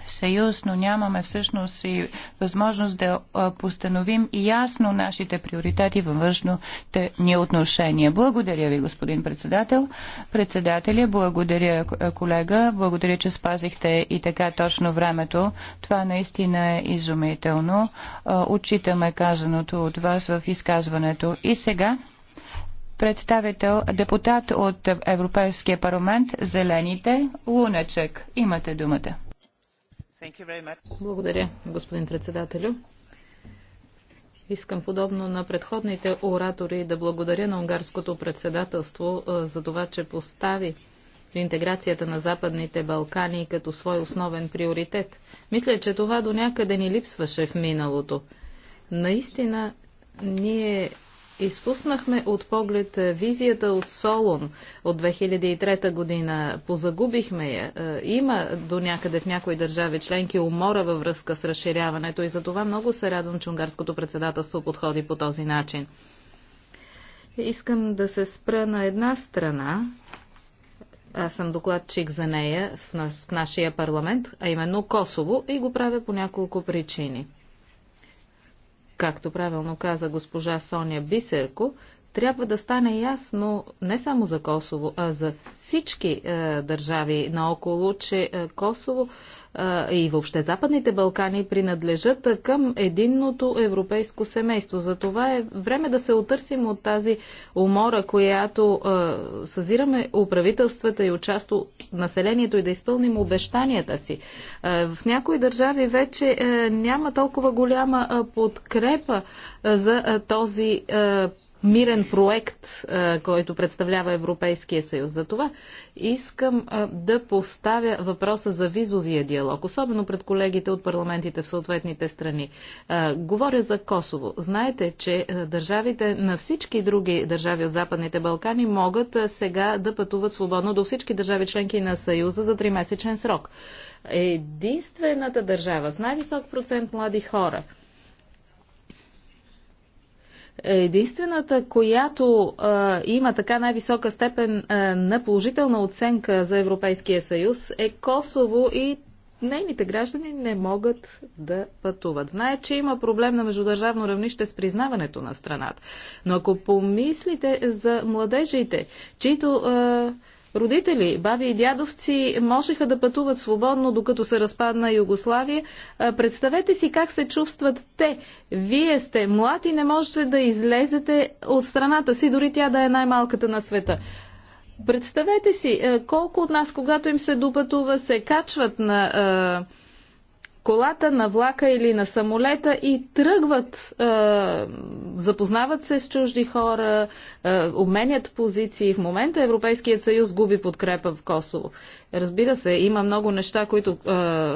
съюз, но нямаме всъщност и възможност да постановим ясно нашите приоритети във външните ни отношения. Благодаря ви, господин председател. Председателя, благодаря колега, благодаря, че спазихте и така точно времето. Това наистина е изумително. Отчитаме казаното от вас в изказването. И сега представител, депутат от Европейския парламент, Зелените, Луначек. Имате думата. Благодаря, господин председателю. Искам подобно на предходните оратори да благодаря на унгарското председателство за това, че постави интеграцията на Западните Балкани като свой основен приоритет. Мисля, че това до някъде ни липсваше в миналото. Наистина, ние Изпуснахме от поглед е, визията от Солон от 2003 година. Позагубихме я. Е, има до някъде в някои държави членки умора във връзка с разширяването и за това много се радвам, че унгарското председателство подходи по този начин. Искам да се спра на една страна. Аз съм докладчик за нея в, в нашия парламент, а именно Косово и го правя по няколко причини – Както правилно каза госпожа Соня Бисерко, трябва да стане ясно не само за Косово, а за всички е, държави наоколо, че е, Косово е, и въобще Западните Балкани принадлежат към единното европейско семейство. За това е време да се отърсим от тази умора, която е, съзираме у правителствата и участо населението и да изпълним обещанията си. Е, в някои държави вече е, няма толкова голяма е, подкрепа е, за е, този е, мирен проект, който представлява Европейския съюз. За това искам да поставя въпроса за визовия диалог, особено пред колегите от парламентите в съответните страни. Говоря за Косово. Знаете, че държавите на всички други държави от Западните Балкани могат сега да пътуват свободно до всички държави членки на Съюза за 3-месечен срок. Единствената държава с най-висок процент млади хора – единствената, която а, има така най-висока степен а, на положителна оценка за Европейския съюз е Косово и нейните граждани не могат да пътуват. Знае, че има проблем на междудържавно равнище с признаването на страната. Но ако помислите за младежите, чието а, родители, баби и дядовци можеха да пътуват свободно, докато се разпадна Югославия. Представете си как се чувстват те. Вие сте млад и не можете да излезете от страната си, дори тя да е най-малката на света. Представете си колко от нас, когато им се допътува, се качват на колата, на влака или на самолета и тръгват, е, запознават се с чужди хора, е, обменят позиции. В момента Европейският съюз губи подкрепа в Косово. Разбира се, има много неща, които е,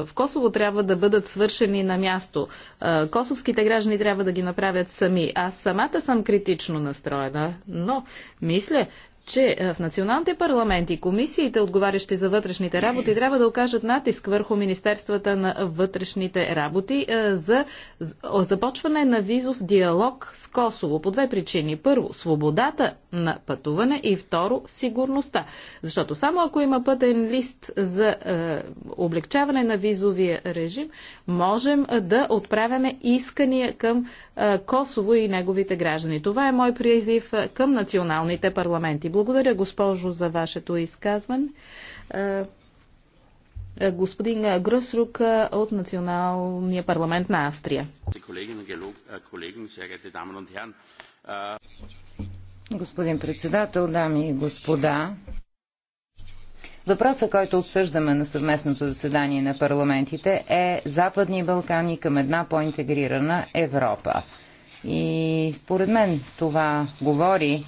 в Косово трябва да бъдат свършени на място. Е, косовските граждани трябва да ги направят сами. Аз самата съм критично настроена, но мисля, че е, в националните парламенти комисиите, отговарящи за вътрешните работи, трябва да окажат натиск върху Министерствата на вътрешните работи е, за започване на визов диалог с Косово по две причини. Първо, свободата на пътуване и второ, сигурността. Защото само ако има пътен лист за е, облегчаване на визовия режим, можем е, да отправяме искания към е, Косово и неговите граждани. Това е мой призив към националните парламенти. Благодаря, госпожо, за вашето изказване. Господин Гръсрук от Националния парламент на Австрия. Господин председател, дами и господа, Въпросът, който обсъждаме на съвместното заседание на парламентите е Западни Балкани към една по-интегрирана Европа. И според мен това говори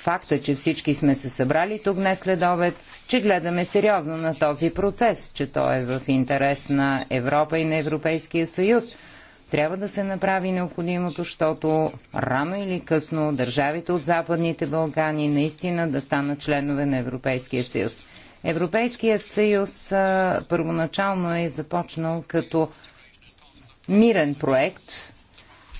факта, че всички сме се събрали тук днес след обед, че гледаме сериозно на този процес, че той е в интерес на Европа и на Европейския съюз. Трябва да се направи необходимото, защото рано или късно държавите от Западните Балкани наистина да станат членове на Европейския съюз. Европейският съюз а, първоначално е започнал като мирен проект,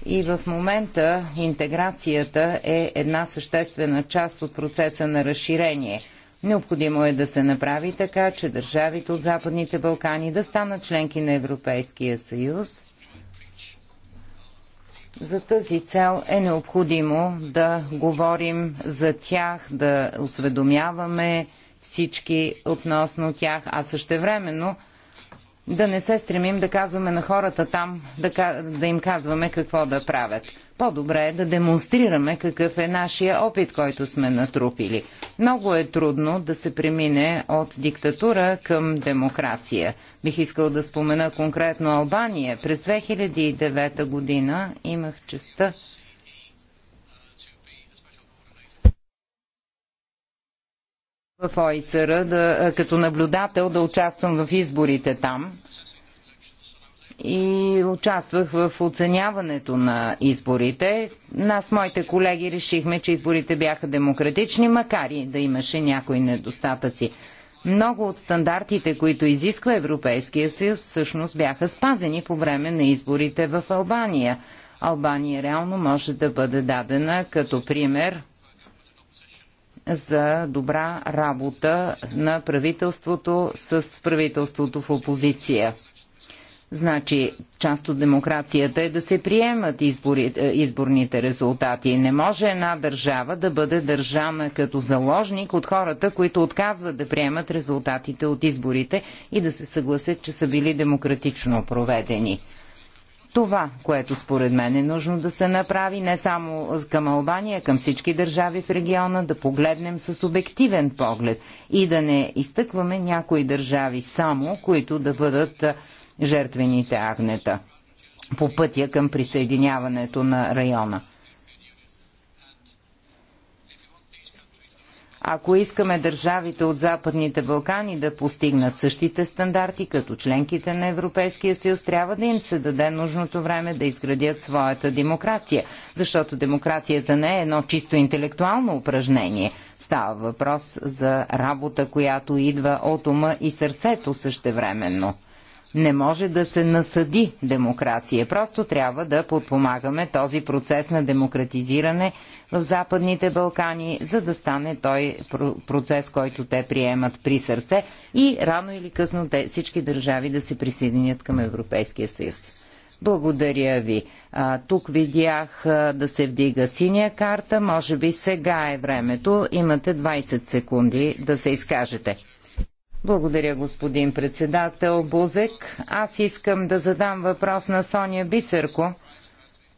и в момента интеграцията е една съществена част от процеса на разширение. Необходимо е да се направи така, че държавите от Западните Балкани да станат членки на Европейския съюз. За тази цел е необходимо да говорим за тях, да осведомяваме всички относно тях, а също времено да не се стремим да казваме на хората там, да, да им казваме какво да правят. По-добре е да демонстрираме какъв е нашия опит, който сме натрупили. Много е трудно да се премине от диктатура към демокрация. Бих искал да спомена конкретно Албания. През 2009 година имах честа в ОИСР да, като наблюдател да участвам в изборите там и участвах в оценяването на изборите. Нас, моите колеги, решихме, че изборите бяха демократични, макар и да имаше някои недостатъци. Много от стандартите, които изисква Европейския съюз, всъщност бяха спазени по време на изборите в Албания. Албания реално може да бъде дадена като пример за добра работа на правителството с правителството в опозиция. Значи, част от демокрацията е да се приемат избори, е, изборните резултати. Не може една държава да бъде държана като заложник от хората, които отказват да приемат резултатите от изборите и да се съгласят, че са били демократично проведени това, което според мен е нужно да се направи не само към Албания, към всички държави в региона, да погледнем с обективен поглед и да не изтъкваме някои държави само, които да бъдат жертвените агнета по пътя към присъединяването на района. Ако искаме държавите от Западните Балкани да постигнат същите стандарти като членките на Европейския съюз, трябва да им се даде нужното време да изградят своята демокрация, защото демокрацията не е едно чисто интелектуално упражнение. Става въпрос за работа, която идва от ума и сърцето същевременно. Не може да се насъди демокрация, просто трябва да подпомагаме този процес на демократизиране – в Западните Балкани, за да стане той процес, който те приемат при сърце и рано или късно те, всички държави да се присъединят към Европейския съюз. Благодаря ви. А, тук видях а, да се вдига синя карта. Може би сега е времето. Имате 20 секунди да се изкажете. Благодаря, господин председател Бузек. Аз искам да задам въпрос на Соня Бисерко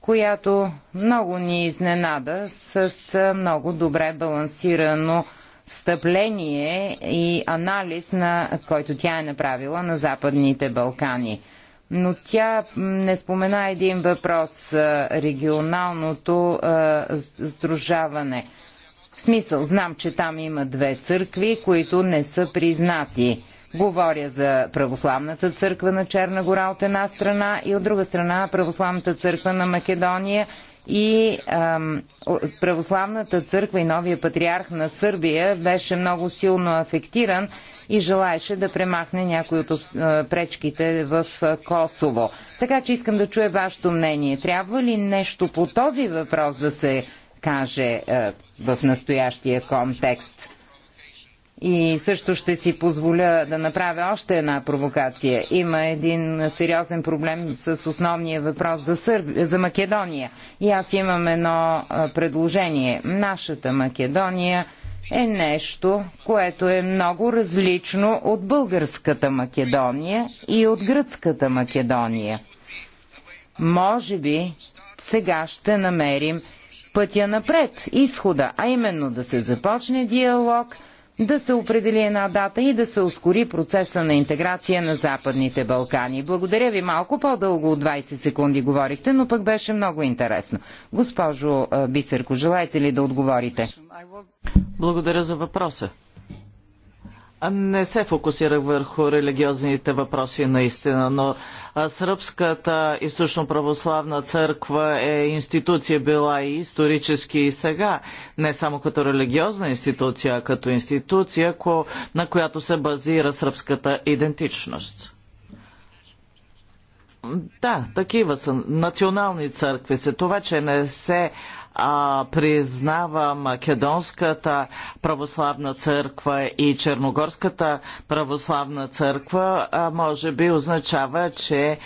която много ни изненада с много добре балансирано встъпление и анализ, на който тя е направила на Западните Балкани. Но тя не спомена един въпрос регионалното сдружаване. В смисъл, знам, че там има две църкви, които не са признати Говоря за Православната църква на Черна гора от една страна и от друга страна Православната църква на Македония и ам, Православната църква и новия патриарх на Сърбия беше много силно афектиран и желаеше да премахне някои от пречките в Косово. Така че искам да чуя вашето мнение. Трябва ли нещо по този въпрос да се каже е, в настоящия контекст? И също ще си позволя да направя още една провокация. Има един сериозен проблем с основния въпрос за, Сърб... за Македония. И аз имам едно предложение. Нашата Македония е нещо, което е много различно от българската Македония и от гръцката Македония. Може би сега ще намерим пътя напред, изхода, а именно да се започне диалог – да се определи една дата и да се ускори процеса на интеграция на Западните Балкани. Благодаря ви малко по-дълго от 20 секунди говорихте, но пък беше много интересно. Госпожо Бисерко, желаете ли да отговорите? Благодаря за въпроса не се фокусирах върху религиозните въпроси наистина, но Сръбската източно-православна църква е институция била и исторически и сега, не само като религиозна институция, а като институция, на която се базира сръбската идентичност. Да, такива са национални църкви се. Това, че не се а, признава Македонската православна църква и Черногорската православна църква, а, може би означава, че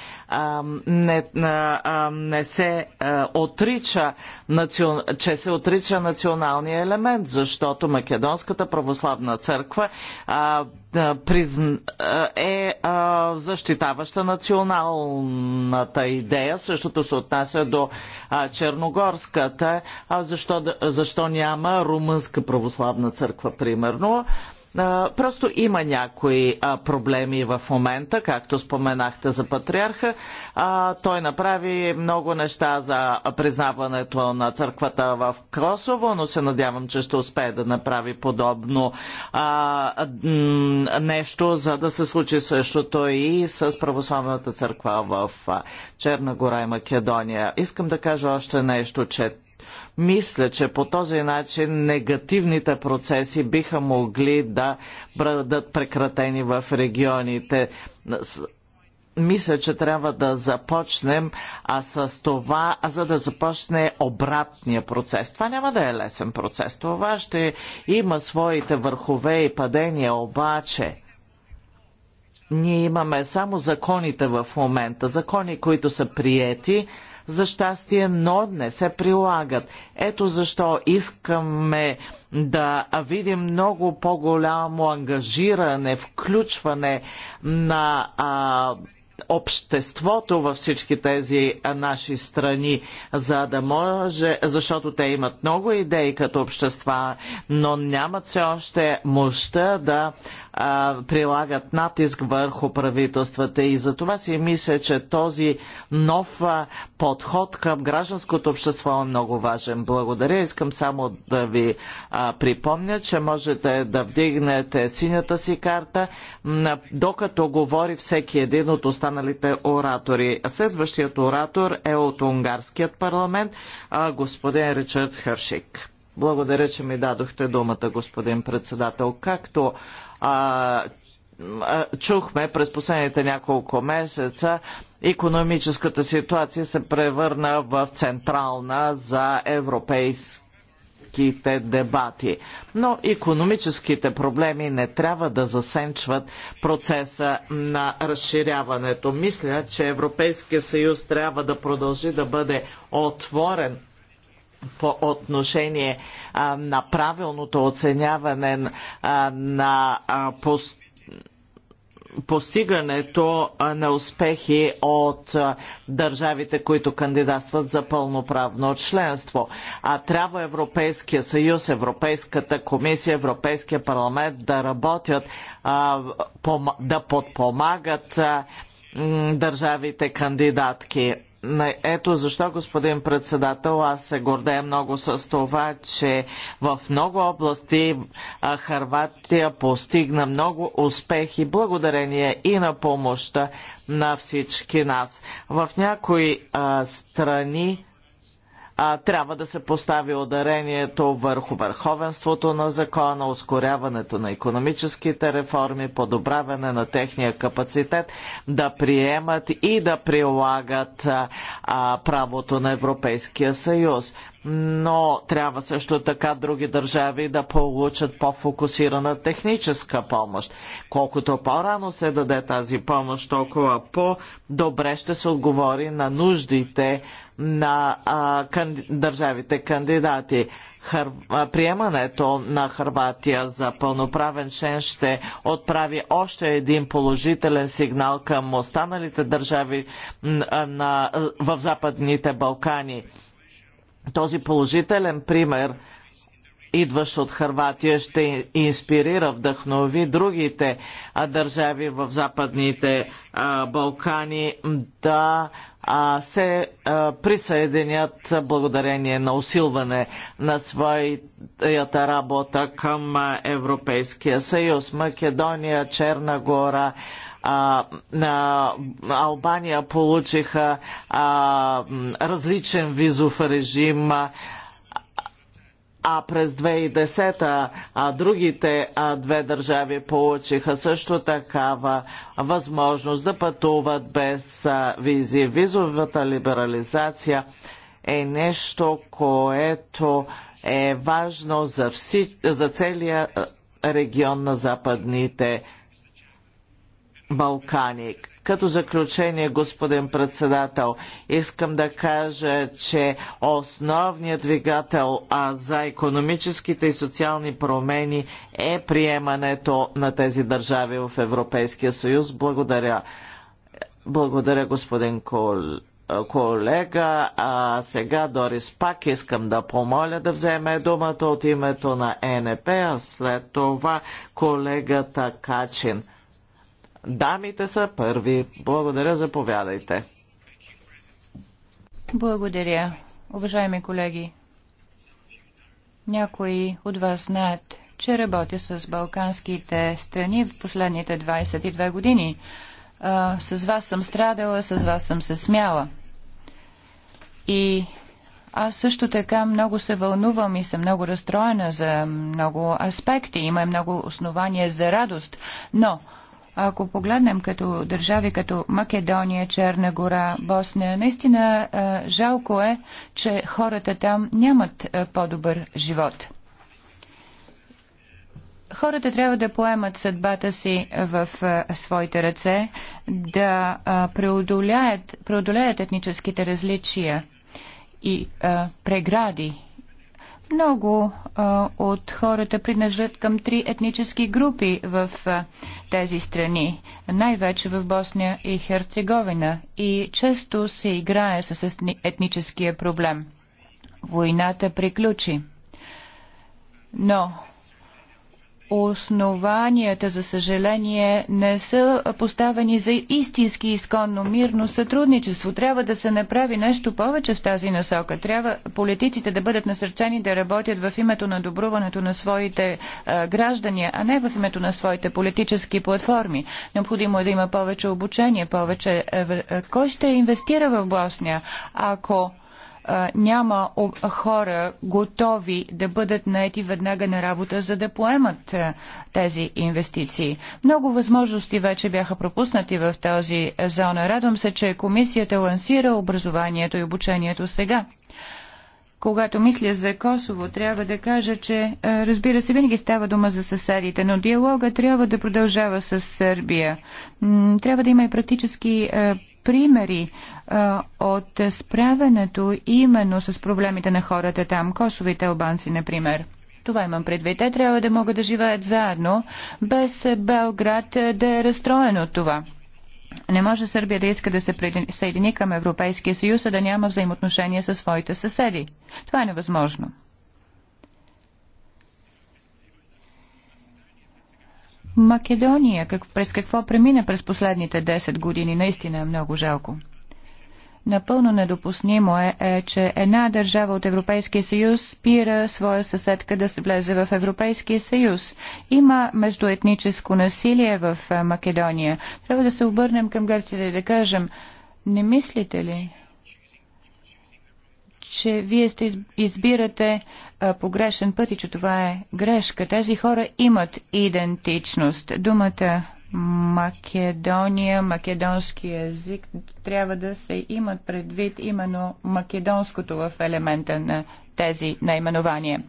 не, не се отрича, че се отрича националния елемент, защото Македонската православна църква е защитаваща националната идея. Същото се отнася до Черногорската. А защо, защо няма Румънска православна църква, примерно? Просто има някои проблеми в момента, както споменахте за патриарха. Той направи много неща за признаването на църквата в Косово, но се надявам, че ще успее да направи подобно нещо, за да се случи същото и с православната църква в Черна гора и Македония. Искам да кажа още нещо, че мисля, че по този начин негативните процеси биха могли да бъдат прекратени в регионите мисля, че трябва да започнем а с това, а за да започне обратния процес. Това няма да е лесен процес. Това ще има своите върхове и падения, обаче ние имаме само законите в момента. Закони, които са приети, за щастие, но не се прилагат. Ето защо искаме да видим много по-голямо ангажиране, включване на а, обществото във всички тези наши страни, за да може, защото те имат много идеи като общества, но нямат все още мощта да а, прилагат натиск върху правителствата. И за това си мисля, че този нов подход към гражданското общество е много важен. Благодаря. Искам само да ви а, припомня, че можете да вдигнете синята си карта, докато говори всеки един от останалите останалите оратори. Следващият оратор е от Унгарският парламент, господин Ричард Хършик. Благодаря, че ми дадохте думата, господин председател. Както а, чухме през последните няколко месеца, економическата ситуация се превърна в централна за европейски политическите дебати. Но економическите проблеми не трябва да засенчват процеса на разширяването. Мисля, че Европейския съюз трябва да продължи да бъде отворен по отношение а, на правилното оценяване а, на а, пост постигането на успехи от държавите, които кандидатстват за пълноправно членство. А трябва Европейския съюз, Европейската комисия, Европейския парламент да работят, да подпомагат държавите кандидатки ето защо, господин председател, аз се гордея много с това, че в много области Харватия постигна много успехи благодарение и на помощта на всички нас. В някои а, страни а, трябва да се постави ударението върху върховенството на закона, ускоряването на економическите реформи, подобряване на техния капацитет да приемат и да прилагат а, правото на Европейския съюз. Но трябва също така други държави да получат по-фокусирана техническа помощ. Колкото по-рано се даде тази помощ, толкова по-добре ще се отговори на нуждите на а, канди, държавите кандидати. Хър... Приемането на Харватия за пълноправен член ще отправи още един положителен сигнал към останалите държави на... в Западните Балкани. Този положителен пример идващ от Харватия, ще инспирира, вдъхнови другите държави в Западните Балкани да се присъединят благодарение на усилване на своята работа към Европейския съюз. Македония, Черна гора, на Албания получиха различен визов режим а през 2010 а другите а, две държави получиха също такава възможност да пътуват без а, визи. Визовата либерализация е нещо, което е важно за, всич... за целия регион на Западните Балкани. Като заключение, господин председател, искам да кажа, че основният двигател а, за економическите и социални промени е приемането на тези държави в Европейския съюз. Благодаря. Благодаря, господин Кол колега. А сега Дорис пак искам да помоля да вземе думата от името на ЕНП, а след това колегата Качин. Дамите са първи. Благодаря, заповядайте. Благодаря, уважаеми колеги. Някои от вас знаят, че работя с балканските страни в последните 22 години. А, с вас съм страдала, с вас съм се смяла. И аз също така много се вълнувам и съм много разстроена за много аспекти. Има много основания за радост. Но ако погледнем като държави като Македония, Черна гора, Босния, наистина е, жалко е, че хората там нямат е, по-добър живот. Хората трябва да поемат съдбата си в е, своите ръце, да преодолеят, преодолеят етническите различия и прегради много а, от хората принадлежат към три етнически групи в а, тези страни, най-вече в Босния и Херцеговина, и често се играе с етническия проблем. Войната приключи. Но основанията, за съжаление, не са поставени за истински изконно мирно сътрудничество. Трябва да се направи нещо повече в тази насока. Трябва политиците да бъдат насърчени да работят в името на добруването на своите а, е, граждани, а не в името на своите политически платформи. Необходимо е да има повече обучение, повече... Е, е, кой ще инвестира в Босния, ако няма хора готови да бъдат наети веднага на работа, за да поемат тези инвестиции. Много възможности вече бяха пропуснати в тази зона. Радвам се, че комисията лансира образованието и обучението сега когато мисля за Косово, трябва да кажа, че разбира се, винаги става дума за съседите, но диалога трябва да продължава с Сърбия. Трябва да има и практически примери от справянето именно с проблемите на хората там, косовите албанци, например. Това имам предвид. Те трябва да могат да живеят заедно, без Белград да е разстроен от това. Не може Сърбия да иска да се присъедини към Европейския съюз, а да няма взаимоотношения със своите съседи. Това е невъзможно. Македония, как, през какво премина през последните 10 години, наистина е много жалко. Напълно недопуснимо е, е, че една държава от Европейския съюз спира своя съседка да се влезе в Европейския съюз. Има междуетническо насилие в е, Македония. Трябва да се обърнем към Гърция и да кажем, не мислите ли, че вие сте избирате а, е, погрешен път и че това е грешка. Тези хора имат идентичност. Думата Македония, македонски език трябва да се имат предвид именно македонското в елемента на тези наименования.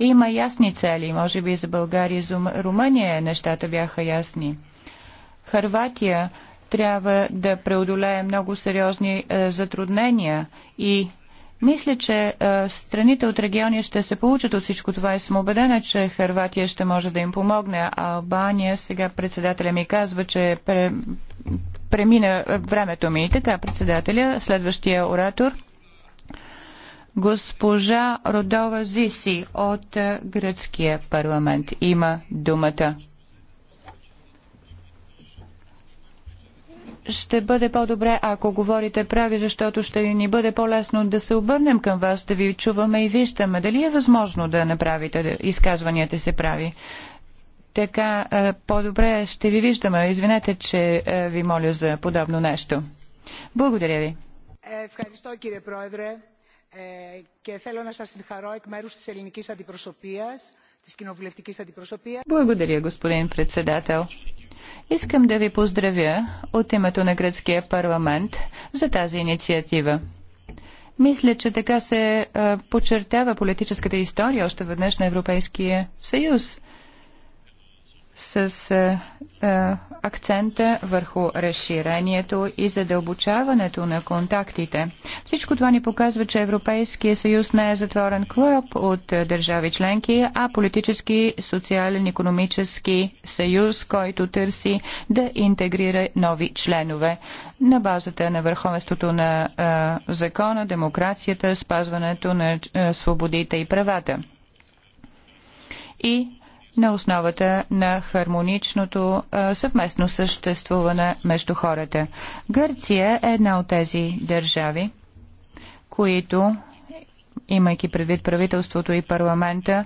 Има ясни цели, може би за България и за Румъния нещата бяха ясни. Харватия трябва да преодолее много сериозни е, затруднения и мисля, че е, страните от региони ще се получат от всичко това и съм убедена, че Харватия ще може да им помогне. А Албания, сега председателя ми казва, че пре, премина времето ми. И така, председателя, следващия оратор. Госпожа Родова Зиси от е, Гръцкия парламент има думата. ще бъде по-добре, ако говорите прави, защото ще ни бъде по-лесно да се обърнем към вас, да ви чуваме и виждаме. Дали е възможно да направите изказванията се прави? Така е, по-добре ще ви виждаме. Извинете, че е, ви моля за подобно нещо. Благодаря ви. Е, ευχαριστώ κύριε Πρόεδρε και θέλω να σας συγχαρώ εκ μέρους της ελληνικής αντιπροσωπείας, της κοινοβουλευτικής αντιπροσωπείας. Благодаря, господин председател. Искам да ви поздравя от името на гръцкия парламент за тази инициатива. Мисля, че така се а, подчертава политическата история още веднъж на Европейския съюз с е, е, акцента върху разширението и задълбочаването на контактите. Всичко това ни показва, че Европейския съюз не е затворен клуб от е, държави членки, а политически, социален, економически съюз, който търси да интегрира нови членове на базата на върховенството на е, закона, демокрацията, спазването на е, свободите и правата. И на основата на хармоничното съвместно съществуване между хората. Гърция е една от тези държави, които, имайки предвид правителството и парламента,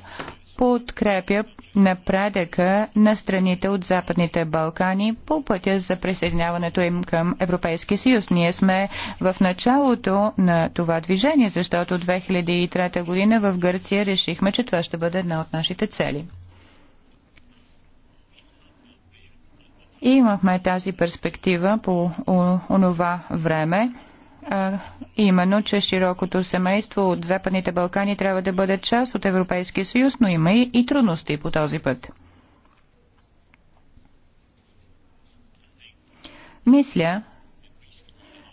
подкрепя напредъка на страните от Западните Балкани по пътя за присъединяването им към Европейския съюз. Ние сме в началото на това движение, защото 2003 година в Гърция решихме, че това ще бъде една от нашите цели. И имахме тази перспектива по онова време, а, именно, че широкото семейство от Западните Балкани трябва да бъде част от Европейския съюз, но има и, и трудности по този път. Мисля,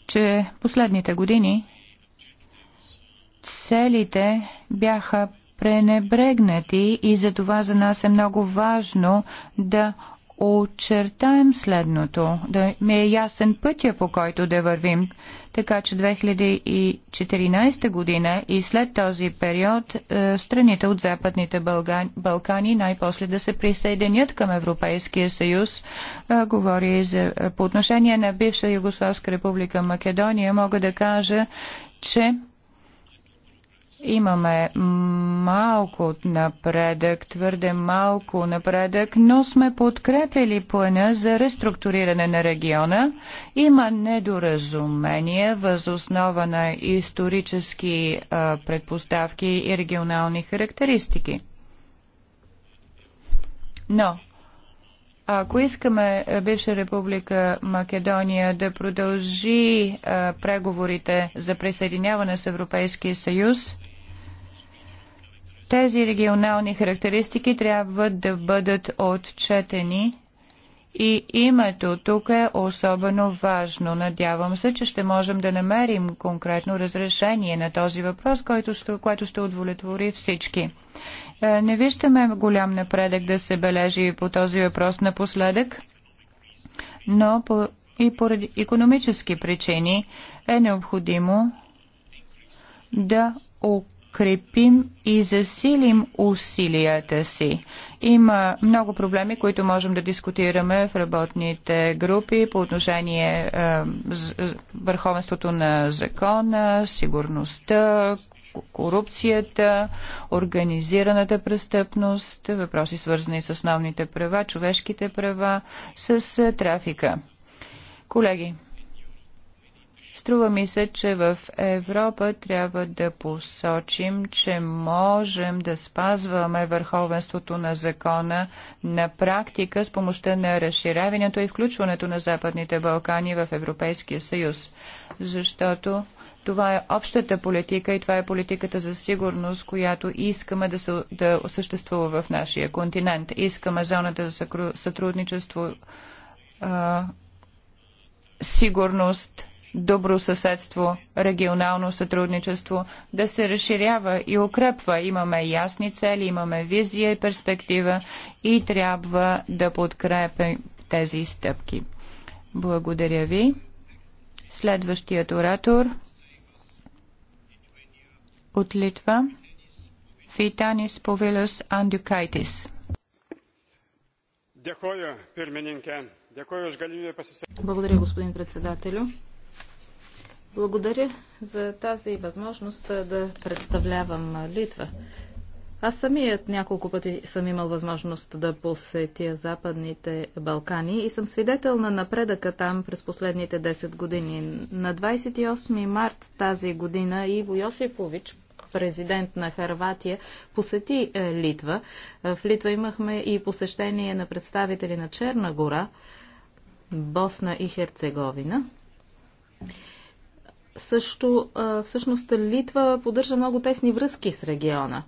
че последните години целите бяха пренебрегнати и за това за нас е много важно да очертаем следното, да ми е ясен пътя по който да вървим, така че 2014 година и след този период е, страните от Западните Балкани най-после да се присъединят към Европейския съюз. Е, говори за, е, по отношение на бивша Югославска република Македония, мога да кажа, че Имаме малко напредък, твърде малко напредък, но сме подкрепили плана за реструктуриране на региона. Има недоразумение възоснова на исторически а, предпоставки и регионални характеристики. Но ако искаме бивша република Македония да продължи а, преговорите за присъединяване с Европейския съюз, тези регионални характеристики трябва да бъдат отчетени и името тук е особено важно. Надявам се, че ще можем да намерим конкретно разрешение на този въпрос, който ще, което ще удовлетвори всички. Е, не виждаме голям напредък да се бележи по този въпрос напоследък, но по, и поради економически причини е необходимо да укрепим и засилим усилията си. Има много проблеми, които можем да дискутираме в работните групи по отношение е, върховенството на закона, сигурността, корупцията, организираната престъпност, въпроси свързани с основните права, човешките права, с трафика. Колеги, Струва ми се, че в Европа трябва да посочим, че можем да спазваме върховенството на закона на практика с помощта на разширяването и включването на Западните Балкани в Европейския съюз. Защото това е общата политика и това е политиката за сигурност, която искаме да, се, да съществува в нашия континент. Искаме зоната за сътрудничество, а, сигурност Добро съседство, регионално сътрудничество, да се разширява и укрепва. Имаме ясни цели, имаме визия и перспектива и трябва да подкрепим тези стъпки. Благодаря ви. Следващият оратор от Литва Фитанис Повилас Андюкайтис. Благодаря, господин председателю. Благодаря за тази възможност да представлявам Литва. Аз самият няколко пъти съм имал възможност да посетя Западните Балкани и съм свидетел на напредъка там през последните 10 години. На 28 март тази година Иво Йосифович, президент на Харватия, посети е, Литва. В Литва имахме и посещение на представители на Черна гора, Босна и Херцеговина. Също всъщност Литва поддържа много тесни връзки с региона.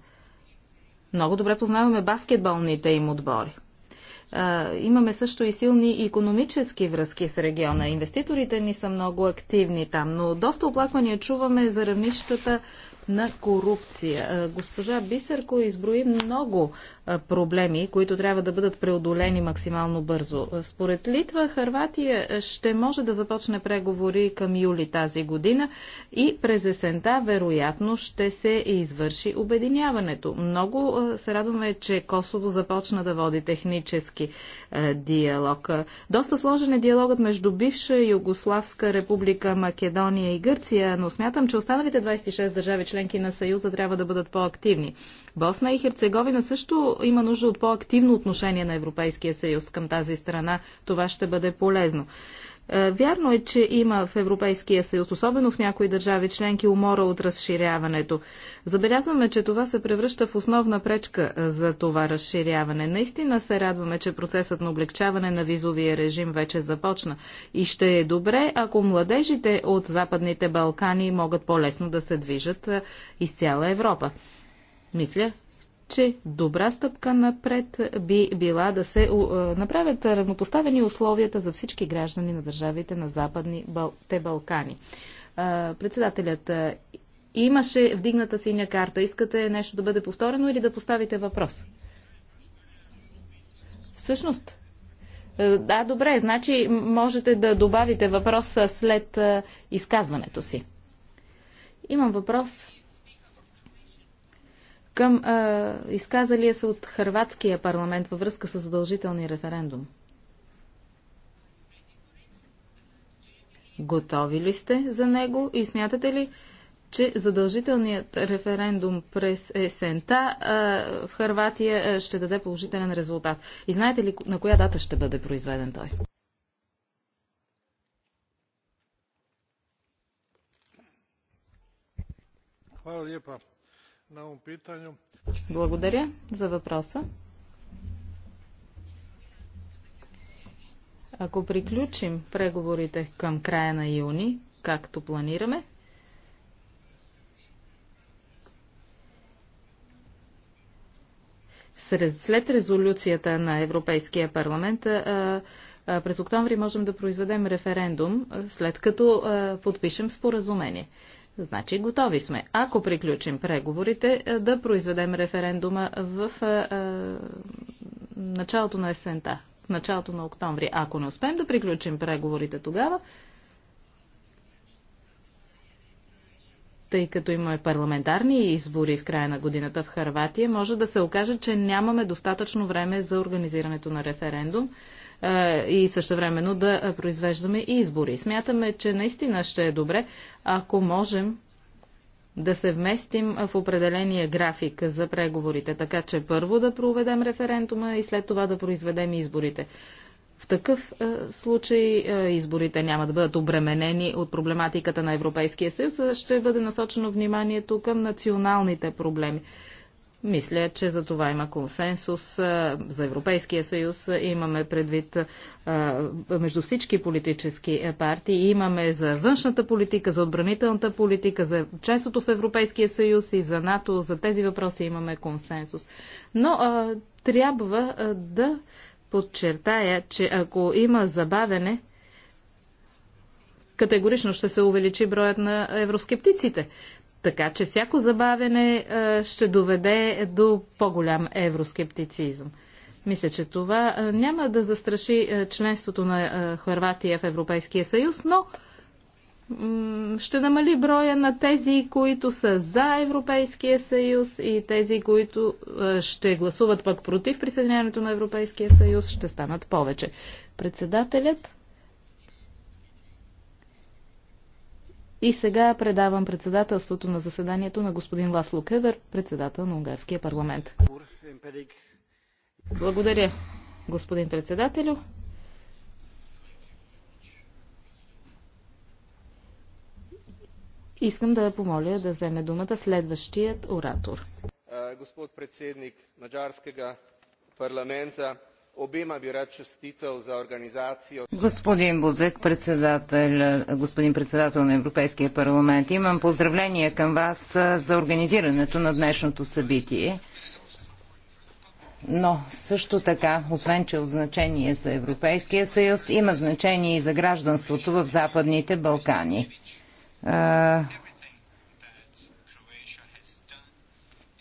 Много добре познаваме баскетболните им отбори. Имаме също и силни економически връзки с региона. Инвеститорите ни са много активни там, но доста оплаквания чуваме за равнищата на корупция. Госпожа Бисерко изброи много проблеми, които трябва да бъдат преодолени максимално бързо. Според Литва, Харватия ще може да започне преговори към юли тази година и през есента вероятно ще се извърши обединяването. Много се радваме, че Косово започна да води технически диалог. Доста сложен е диалогът между бивша Югославска република Македония и Гърция, но смятам, че останалите 26 държави член членки на Съюза трябва да бъдат по-активни. Босна и Херцеговина също има нужда от по-активно отношение на Европейския съюз към тази страна. Това ще бъде полезно. Е, вярно е, че има в Европейския съюз, особено в някои държави членки, умора от разширяването. Забелязваме, че това се превръща в основна пречка е, за това разширяване. Наистина се радваме, че процесът на облегчаване на визовия режим вече започна. И ще е добре, ако младежите от Западните Балкани могат по-лесно да се движат е, из цяла Европа. Мисля, че добра стъпка напред би била да се е, направят равнопоставени условията за всички граждани на държавите на Западните Балкани. Е, председателят е, имаше вдигната синя карта. Искате нещо да бъде повторено или да поставите въпрос? Всъщност. Да, добре, значи можете да добавите въпрос след изказването си. Имам въпрос към а, изказалия се от Харватския парламент във връзка с задължителния референдум. Готови ли сте за него и смятате ли, че задължителният референдум през есента а, в Харватия ще даде положителен резултат? И знаете ли на коя дата ще бъде произведен той? Hvala lijepa. Благодаря за въпроса. Ако приключим преговорите към края на юни, както планираме, след резолюцията на Европейския парламент, през октомври можем да произведем референдум, след като подпишем споразумение. Значи готови сме. Ако приключим преговорите, е, да произведем референдума в е, е, началото на есента, в началото на октомври. Ако не успеем да приключим преговорите тогава, тъй като има парламентарни избори в края на годината в Харватия, може да се окаже, че нямаме достатъчно време за организирането на референдум. Е, и същевременно да произвеждаме избори. Смятаме, че наистина ще е добре, ако можем да се вместим в определения график за преговорите, така че първо да проведем референдума и след това да произведем изборите. В такъв е, случай е, изборите няма да бъдат обременени от проблематиката на Европейския съюз, ще бъде насочено вниманието към националните проблеми. Мисля, че за това има консенсус за Европейския съюз. Имаме предвид между всички политически е, партии. Имаме за външната политика, за отбранителната политика, за членството в Европейския съюз и за НАТО. За тези въпроси имаме консенсус. Но трябва да подчертая, че ако има забавене, категорично ще се увеличи броят на евроскептиците. Така че всяко забавене е, ще доведе до по-голям евроскептицизъм. Мисля, че това е, няма да застраши е, членството на Хърватия в Европейския съюз, но ще намали броя на тези, които са за Европейския съюз и тези, които ще гласуват пък против присъединяването на Европейския съюз, ще станат повече. Председателят И сега предавам председателството на заседанието на господин Ласло Кевер, председател на Унгарския парламент. Благодаря, господин председателю. Искам да помоля да вземе думата следващият оратор. Е, господ председник Маджарския парламента, обема ви рад честител за организация. Господин Бузек, председател, господин председател на Европейския парламент, имам поздравление към вас за организирането на днешното събитие. Но също така, освен че е от значение за Европейския съюз, има значение и за гражданството в Западните Балкани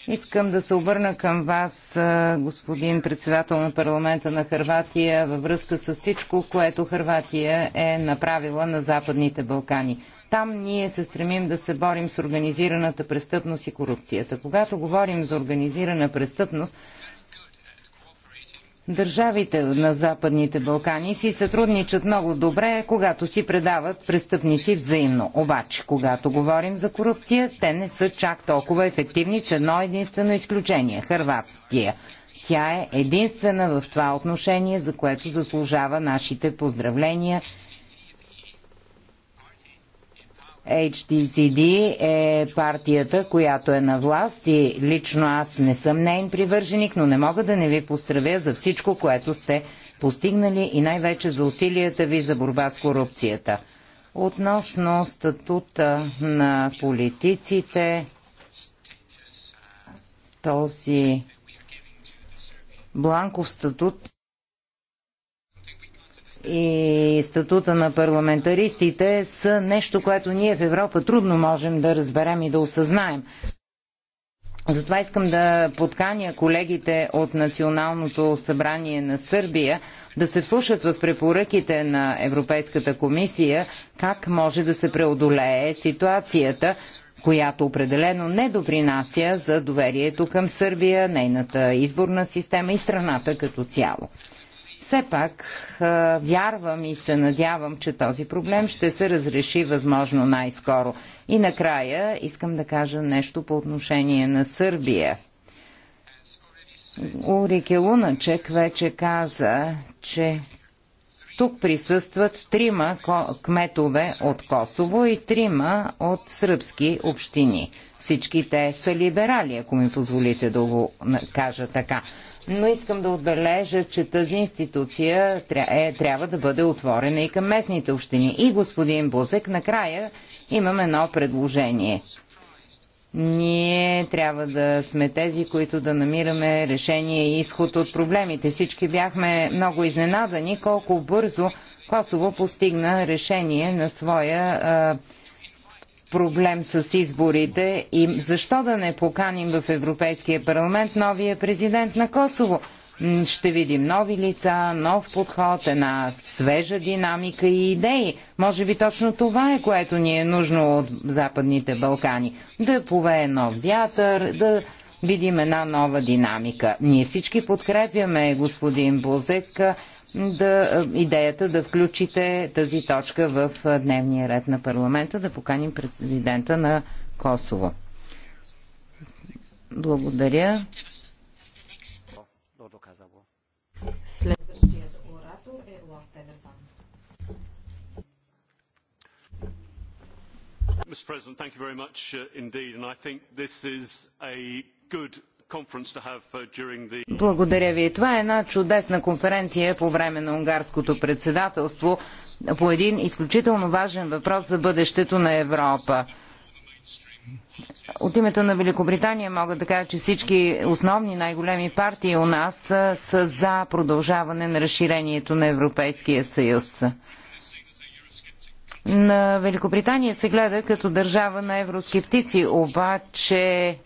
Искам да се обърна към вас, господин председател на парламента на Харватия, във връзка с всичко, което Харватия е направила на Западните Балкани. Там ние се стремим да се борим с организираната престъпност и корупцията. Когато говорим за организирана престъпност, Държавите на Западните Балкани си сътрудничат много добре, когато си предават престъпници взаимно. Обаче, когато говорим за корупция, те не са чак толкова ефективни с едно единствено изключение – Хрватския. Тя е единствена в това отношение, за което заслужава нашите поздравления – HDCD е партията, която е на власт и лично аз не съм нейн привърженик, но не мога да не ви поздравя за всичко, което сте постигнали и най-вече за усилията ви за борба с корупцията. Относно статута на политиците, този бланков статут и статута на парламентаристите са нещо, което ние в Европа трудно можем да разберем и да осъзнаем. Затова искам да подканя колегите от Националното събрание на Сърбия да се вслушат в препоръките на Европейската комисия как може да се преодолее ситуацията, която определено не допринася за доверието към Сърбия, нейната изборна система и страната като цяло. Все пак вярвам и се надявам, че този проблем ще се разреши възможно най-скоро. И накрая искам да кажа нещо по отношение на Сърбия. Урике Луначек вече каза, че тук присъстват трима кметове от Косово и трима от сръбски общини. Всички те са либерали, ако ми позволите да го кажа така. Но искам да отбележа, че тази институция е, трябва да бъде отворена и към местните общини. И господин Бузек, накрая имам едно предложение – ние трябва да сме тези, които да намираме решение и изход от проблемите. Всички бяхме много изненадани колко бързо Косово постигна решение на своя а, проблем с изборите и защо да не поканим в Европейския парламент новия президент на Косово? ще видим нови лица, нов подход, една свежа динамика и идеи. Може би точно това е, което ни е нужно от Западните Балкани. Да повее нов вятър, да видим една нова динамика. Ние всички подкрепяме господин Бузек да, идеята да включите тази точка в дневния ред на парламента, да поканим президента на Косово. Благодаря. Следващият оратор е Mr. President, thank you very much uh, indeed, and I think this is a good uh, благодаря ви. Това е една чудесна конференция по време на унгарското председателство по един изключително важен въпрос за бъдещето на Европа. От името на Великобритания мога да кажа, че всички основни най-големи партии у нас са, за продължаване на разширението на Европейския съюз. На Великобритания се гледа като държава на евроскептици, обаче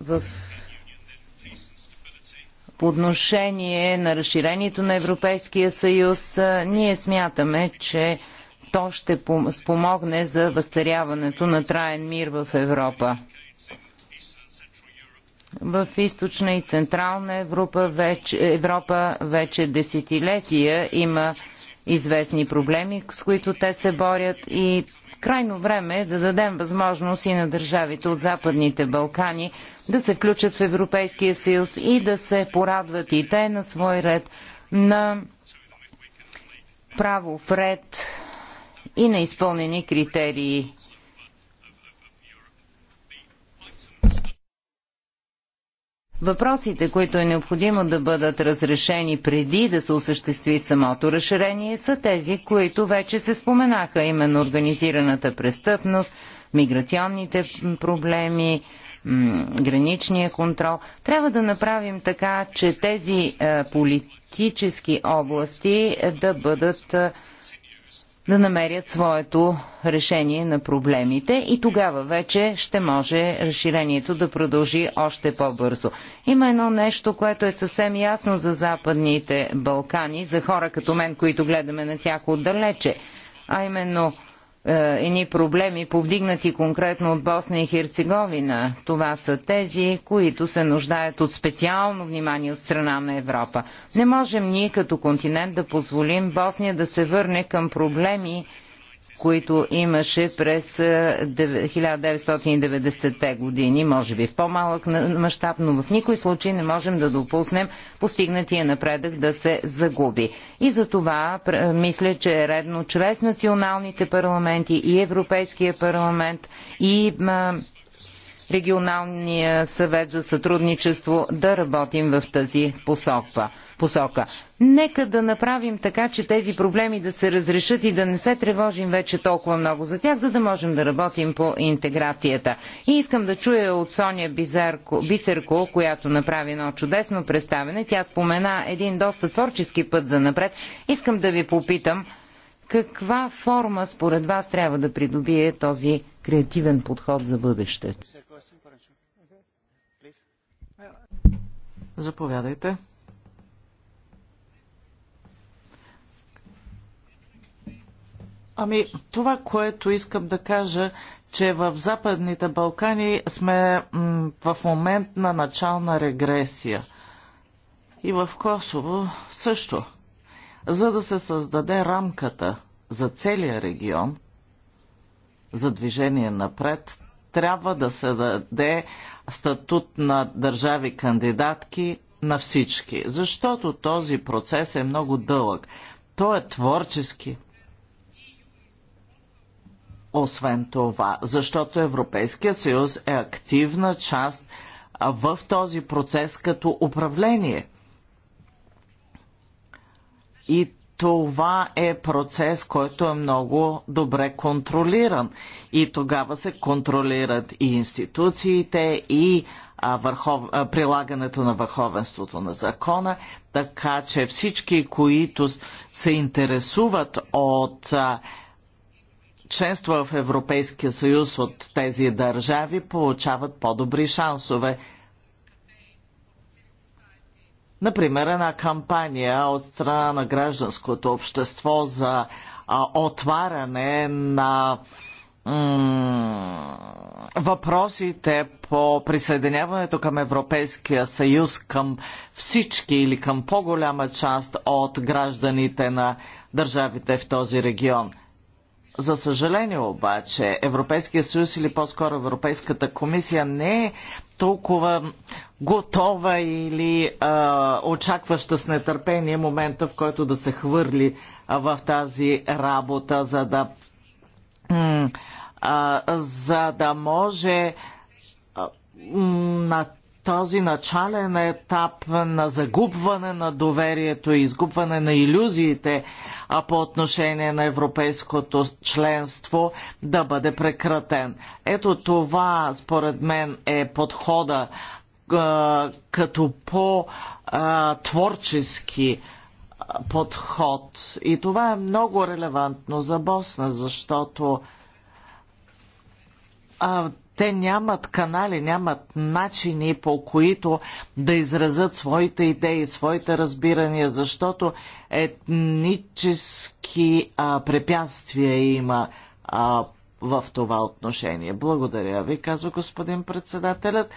в по отношение на разширението на Европейския съюз, ние смятаме, че то ще спомогне за възстаряването на траен мир в Европа. В източна и централна Европа вече, Европа вече десетилетия има известни проблеми, с които те се борят и крайно време е да дадем възможност и на държавите от Западните Балкани да се включат в Европейския съюз и да се порадват и те на свой ред на в ред и на изпълнени критерии. Въпросите, които е необходимо да бъдат разрешени преди да се осъществи самото разширение, са тези, които вече се споменаха, именно организираната престъпност, миграционните проблеми, граничния контрол. Трябва да направим така, че тези е, политически области е, да бъдат е, да намерят своето решение на проблемите и тогава вече ще може разширението да продължи още по-бързо. Има едно нещо, което е съвсем ясно за Западните Балкани, за хора като мен, които гледаме на тях отдалече, а именно – е, едни проблеми, повдигнати конкретно от Босна и Херцеговина. Това са тези, които се нуждаят от специално внимание от страна на Европа. Не можем ние като континент да позволим Босния да се върне към проблеми, които имаше през 1990-те години, може би в по-малък мащаб, но в никой случай не можем да допуснем постигнатия напредък да се загуби. И за това мисля, че е редно чрез националните парламенти и Европейския парламент и регионалния съвет за сътрудничество да работим в тази посока. посока. Нека да направим така, че тези проблеми да се разрешат и да не се тревожим вече толкова много за тях, за да можем да работим по интеграцията. И искам да чуя от Соня Бизерко, Бисерко, която направи едно чудесно представене. Тя спомена един доста творчески път за напред. Искам да ви попитам, каква форма според вас трябва да придобие този креативен подход за бъдещето? Заповядайте. Ами, това, което искам да кажа, че в Западните Балкани сме в момент на начална регресия. И в Косово също. За да се създаде рамката за целия регион, за движение напред, трябва да се даде статут на държави кандидатки на всички, защото този процес е много дълъг. Той е творчески. Освен това, защото Европейския съюз е активна част в този процес като управление. И това е процес, който е много добре контролиран. И тогава се контролират и институциите, и а, върхов, а, прилагането на върховенството на закона, така че всички, които се интересуват от а, членство в Европейския съюз от тези държави, получават по-добри шансове Например, една кампания от страна на гражданското общество за а, отваряне на въпросите по присъединяването към Европейския съюз, към всички или към по-голяма част от гражданите на държавите в този регион. За съжаление обаче, Европейския съюз или по-скоро Европейската комисия не е толкова готова или а, очакваща с нетърпение момента, в който да се хвърли в тази работа, за да, а, за да може на този начален етап на загубване на доверието и изгубване на иллюзиите а по отношение на европейското членство да бъде прекратен. Ето това, според мен, е подхода като по-творчески подход. И това е много релевантно за Босна, защото а, те нямат канали, нямат начини по които да изразят своите идеи, своите разбирания, защото етнически а, препятствия има а, в това отношение. Благодаря ви, казва господин председателят.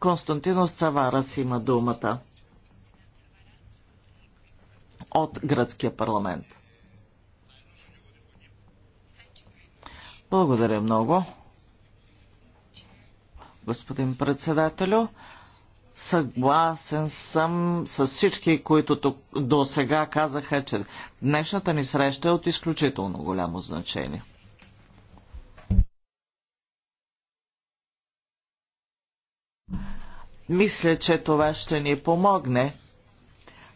Константинос Цаварас има думата от гръцкия парламент. Благодаря много господин председателю. Съгласен съм с всички, които тук до сега казаха, че днешната ни среща е от изключително голямо значение. Мисля, че това ще ни помогне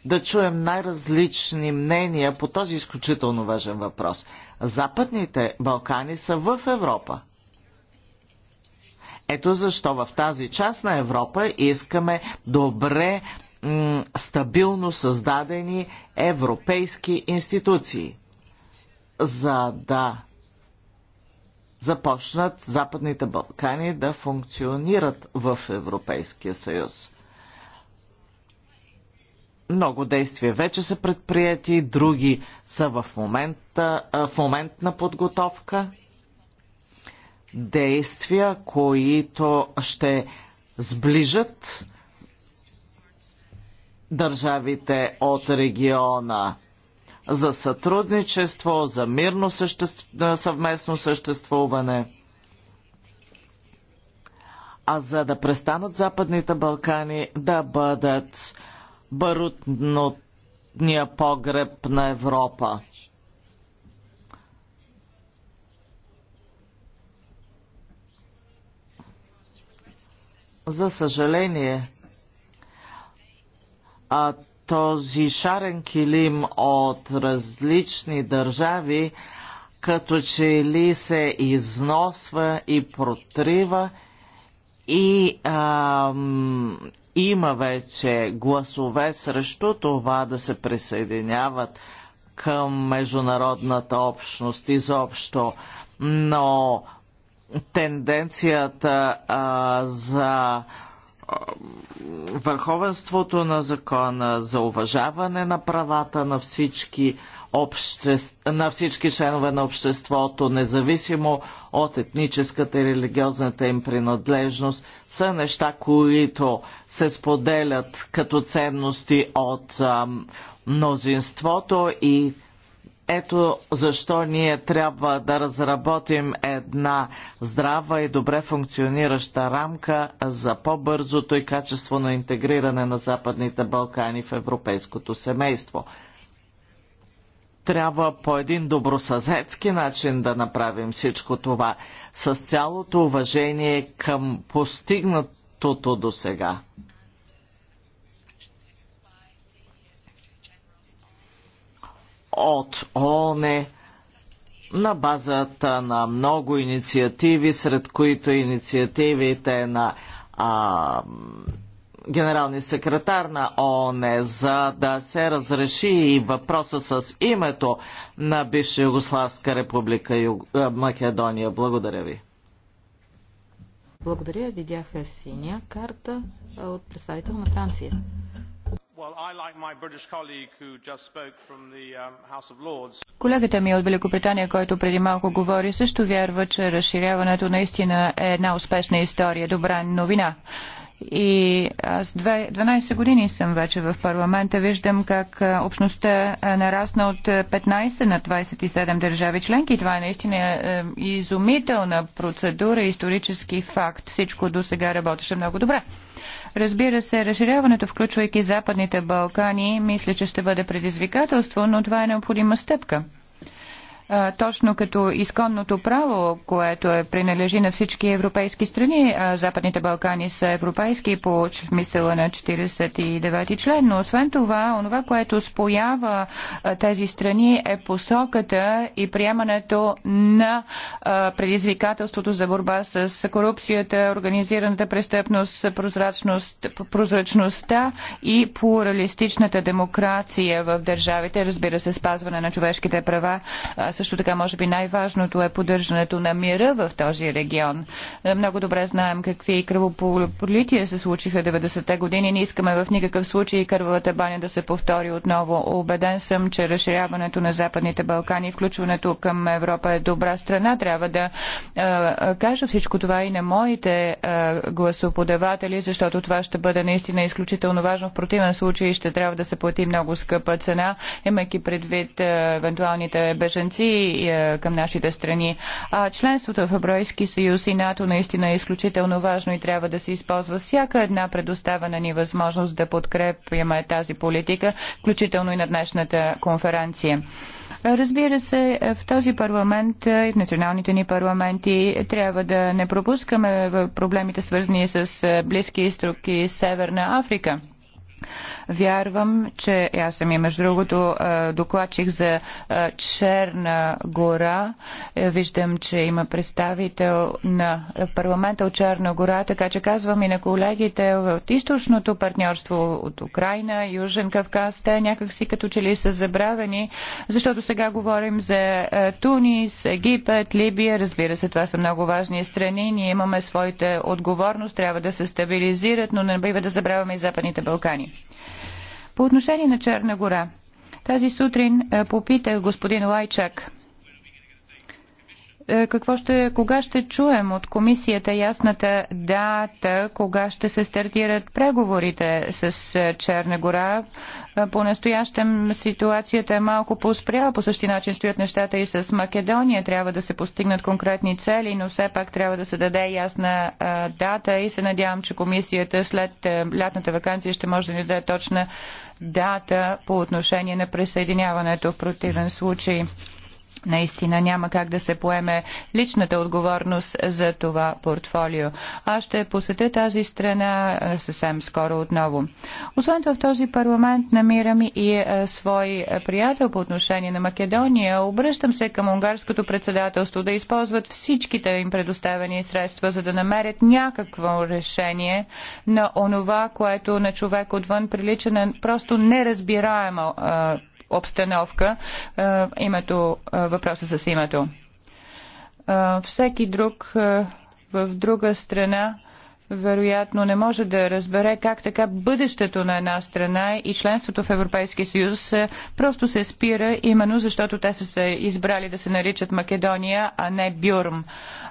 да чуем най-различни мнения по този изключително важен въпрос. Западните Балкани са в Европа. Ето защо в тази част на Европа искаме добре стабилно създадени европейски институции, за да започнат Западните Балкани да функционират в Европейския съюз. Много действия вече са предприяти, други са в момент, в момент на подготовка – действия, които ще сближат държавите от региона за сътрудничество, за мирно съществ... съвместно съществуване. А за да престанат Западните Балкани да бъдат барутно погреб на Европа. За съжаление, а този шарен килим от различни държави като че ли се износва и протрива и а, има вече гласове срещу това да се присъединяват към международната общност изобщо. Но тенденцията а, за върховенството на закона, за уважаване на правата на всички, обще... на всички членове на обществото, независимо от етническата и религиозната им принадлежност, са неща, които се споделят като ценности от а, мнозинството и ето защо ние трябва да разработим една здрава и добре функционираща рамка за по-бързото и качество на интегриране на Западните Балкани в европейското семейство. Трябва по един добросъзетски начин да направим всичко това, с цялото уважение към постигнатото до сега. от ОНЕ на базата на много инициативи, сред които инициативите на а, генералния секретар на ООН, за да се разреши и въпроса с името на бивша Югославска република Юг... Македония. Благодаря ви. Благодаря. видяха синя карта от представител на Франция. Um, Колегата ми от Великобритания, който преди малко говори, също вярва, че разширяването наистина е една успешна история, добра новина. И аз 12 години съм вече в парламента. Виждам как общността нарасна от 15 на 27 държави членки. Това е наистина е, изумителна процедура, исторически факт. Всичко до сега работеше много добре. Разбира се, разширяването, включвайки Западните Балкани, мисля, че ще бъде предизвикателство, но това е необходима стъпка точно като изконното право, което е принадлежи на всички европейски страни. Западните Балкани са европейски по мисъла на 49 член. Но освен това, онова, което споява тези страни е посоката и приемането на предизвикателството за борба с корупцията, организираната престъпност, прозрачност, прозрачността и плуралистичната демокрация в държавите, разбира се, спазване на човешките права също така, може би най-важното е поддържането на мира в този регион. Е, много добре знаем какви кръвополития се случиха 90-те години. Не искаме в никакъв случай кървавата баня да се повтори отново. Обеден съм, че разширяването на Западните Балкани включването към Европа е добра страна. Трябва да е, е, кажа всичко това и на моите е, гласоподаватели, защото това ще бъде наистина изключително важно. В противен случай ще трябва да се плати много скъпа цена, имайки предвид е, евентуалните беженци тенденции е, към нашите страни. А членството в Еврейски съюз и НАТО наистина е изключително важно и трябва да се използва всяка една предоставена ни възможност да подкрепяме тази политика, включително и на днешната конференция. Разбира се, в този парламент и в националните ни парламенти трябва да не пропускаме проблемите свързани с Близки изток и Северна Африка. Вярвам, че аз съм и между другото докладчих за Черна гора. Е, виждам, че има представител на парламента от Черна гора, така че казвам и на колегите от източното партньорство от Украина, Южен Кавказ, те някакси като че ли са забравени, защото сега говорим за Тунис, Египет, Либия. Разбира се, това са много важни страни. Ние имаме своите отговорност, трябва да се стабилизират, но не бива да забравяме и Западните Балкани. По отношение на Черна гора, тази сутрин е, попитах господин Лайчак – е, какво ще, кога ще чуем от комисията ясната дата, кога ще се стартират преговорите с е, Черна гора? Е, по-настоящем ситуацията е малко по-спряла. По същи начин стоят нещата и с Македония. Трябва да се постигнат конкретни цели, но все пак трябва да се даде ясна дата и се надявам, че комисията след лятната вакансия ще може да ни даде точна дата по отношение на присъединяването в противен случай наистина няма как да се поеме личната отговорност за това портфолио. Аз ще посетя тази страна съвсем скоро отново. Освен това в този парламент намирам и свой приятел по отношение на Македония. Обръщам се към унгарското председателство да използват всичките им предоставени средства, за да намерят някакво решение на онова, което на човек отвън прилича на просто неразбираемо обстановка, името, въпроса с името. Всеки друг в друга страна вероятно не може да разбере как така бъдещето на една страна и членството в Европейския съюз е, просто се спира, именно защото те са се избрали да се наричат Македония, а не Бюрм.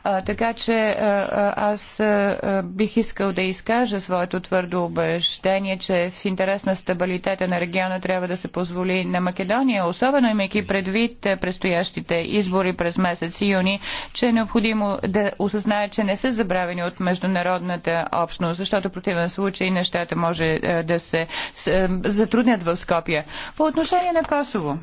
А, така че а, е, е, аз а, бих искал да изкажа своето твърдо убеждение, че в интерес на стабилитета на региона трябва да се позволи на Македония, особено имайки предвид предстоящите избори през месец юни, че е необходимо да осъзнае, че не са забравени от международната Европейската общност, защото в противен случай нещата може е, да се е, затруднят в Скопия. По отношение на Косово.